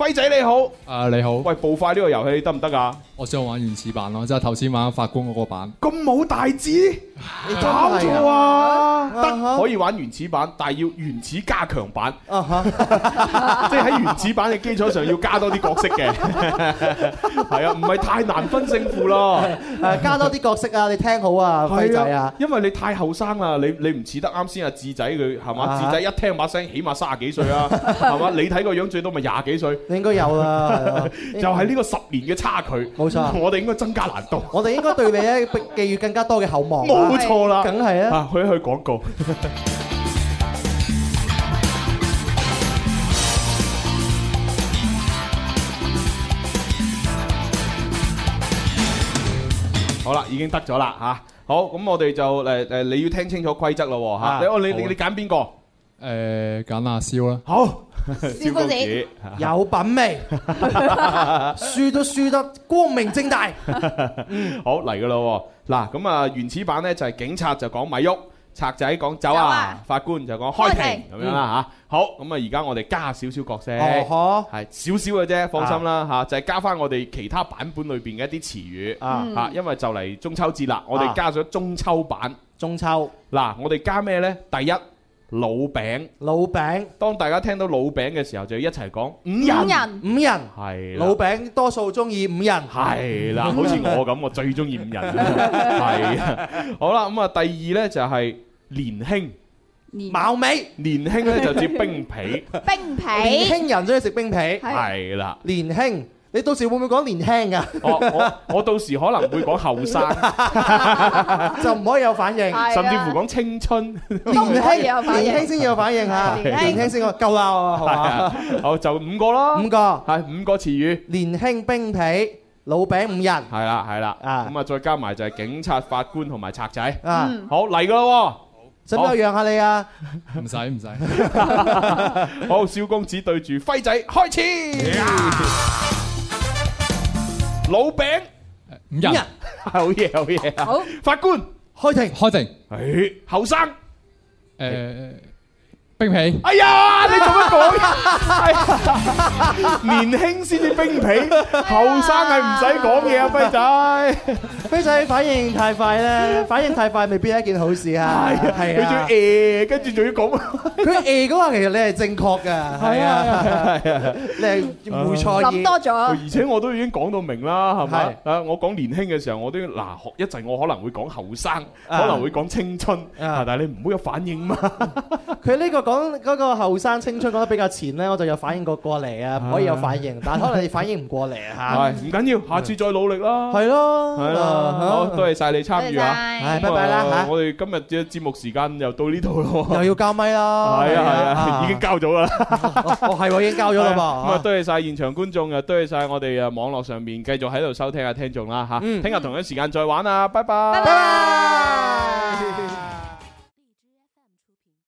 輝仔你好，誒、uh，你好，喂捕快，呢個遊戲得唔得啊？行行，我想玩原始版咯，即係頭先玩法官嗰個版，咁冇大字。你冇錯啊，得可以玩原始版，但係要原始加強版，即係喺原始版嘅基礎上要加多啲角色嘅，係啊，唔係太難分勝負咯。誒，加多啲角色啊，你聽好啊，肥仔啊，因為你太後生啦，你你唔似得啱先阿智仔佢係嘛？智仔一聽把聲起碼卅幾歲啊，係嘛？你睇個樣最多咪廿幾歲，你應該有啦，就係呢個十年嘅差距。冇錯，我哋應該增加難度，我哋應該對你咧寄予更加多嘅厚望。冇錯啦，梗係啦，去一去廣告。好啦，已經得咗啦嚇。好，咁我哋就誒誒，你要聽清楚規則咯嚇。哦，你你你揀邊個？誒，揀阿蕭啦。好。小公子有品味，輸都輸得光明正大。好嚟噶啦，嗱咁啊原始版呢就係警察就講咪喐，賊仔講走啊，法官就講開庭咁樣啦吓。好，咁啊而家我哋加少少角色，哦，係少少嘅啫，放心啦吓，就係加翻我哋其他版本裏邊嘅一啲詞語啊吓，因為就嚟中秋節啦，我哋加咗中秋版，中秋嗱我哋加咩呢？第一。老餅，老餅。當大家聽到老餅嘅時候，就要一齊講五人，五人五人。係老餅，多數中意五人係啦，好似我咁，我最中意五人係啊。好啦，咁啊，第二呢，就係年輕貌美，年輕呢，就接冰皮，冰皮，年輕人中意食冰皮係啦，年輕。你到時會唔會講年輕噶？我到時可能會講後生，就唔可以有反應，甚至乎講青春、年輕、年輕先有反應吓，年輕先夠啦，係嘛？好，就五個咯，五個係五個詞語：年輕兵痞、老餅五人，係啦係啦啊！咁啊，再加埋就係警察、法官同埋賊仔啊！好嚟噶咯，使唔使讓下你啊？唔使唔使，好，蕭公子對住輝仔開始。老餅五人，好嘢好嘢啊！好，法官開庭，開庭。唉，後生，誒。冰皮，哎呀，你做乜講？ 年輕先至冰皮，後生係唔使講嘢啊，輝仔。輝 仔反應太快啦，反應太快未必係一件好事吓。係啊，佢仲要誒，跟住仲要講。佢誒嘅話其實你係正確嘅，係啊，係啊，啊啊你係冇錯嘅。諗多咗，而且我都已經講到明啦，係咪？啊？我講年輕嘅時候，我都嗱、啊、一陣我可能會講後生，可能會講青春啊，但係你唔好有反應嘛。佢呢、嗯這個。講嗰個後生青春講得比較前咧，我就有反應過過嚟啊，唔可以有反應，但可能你反應唔過嚟吓，係唔緊要，下次再努力啦，係咯，係咯，好，多謝晒你參與啊，唉，拜拜啦吓，我哋今日嘅節目時間又到呢度咯，又要交咪啦，係啊係啊，已經交咗啦，哦係喎，已經交咗啦噃，咁啊，多謝晒現場觀眾啊，多謝晒我哋啊網絡上面繼續喺度收聽下聽眾啦吓，聽日同一時間再玩啊，拜拜，拜拜。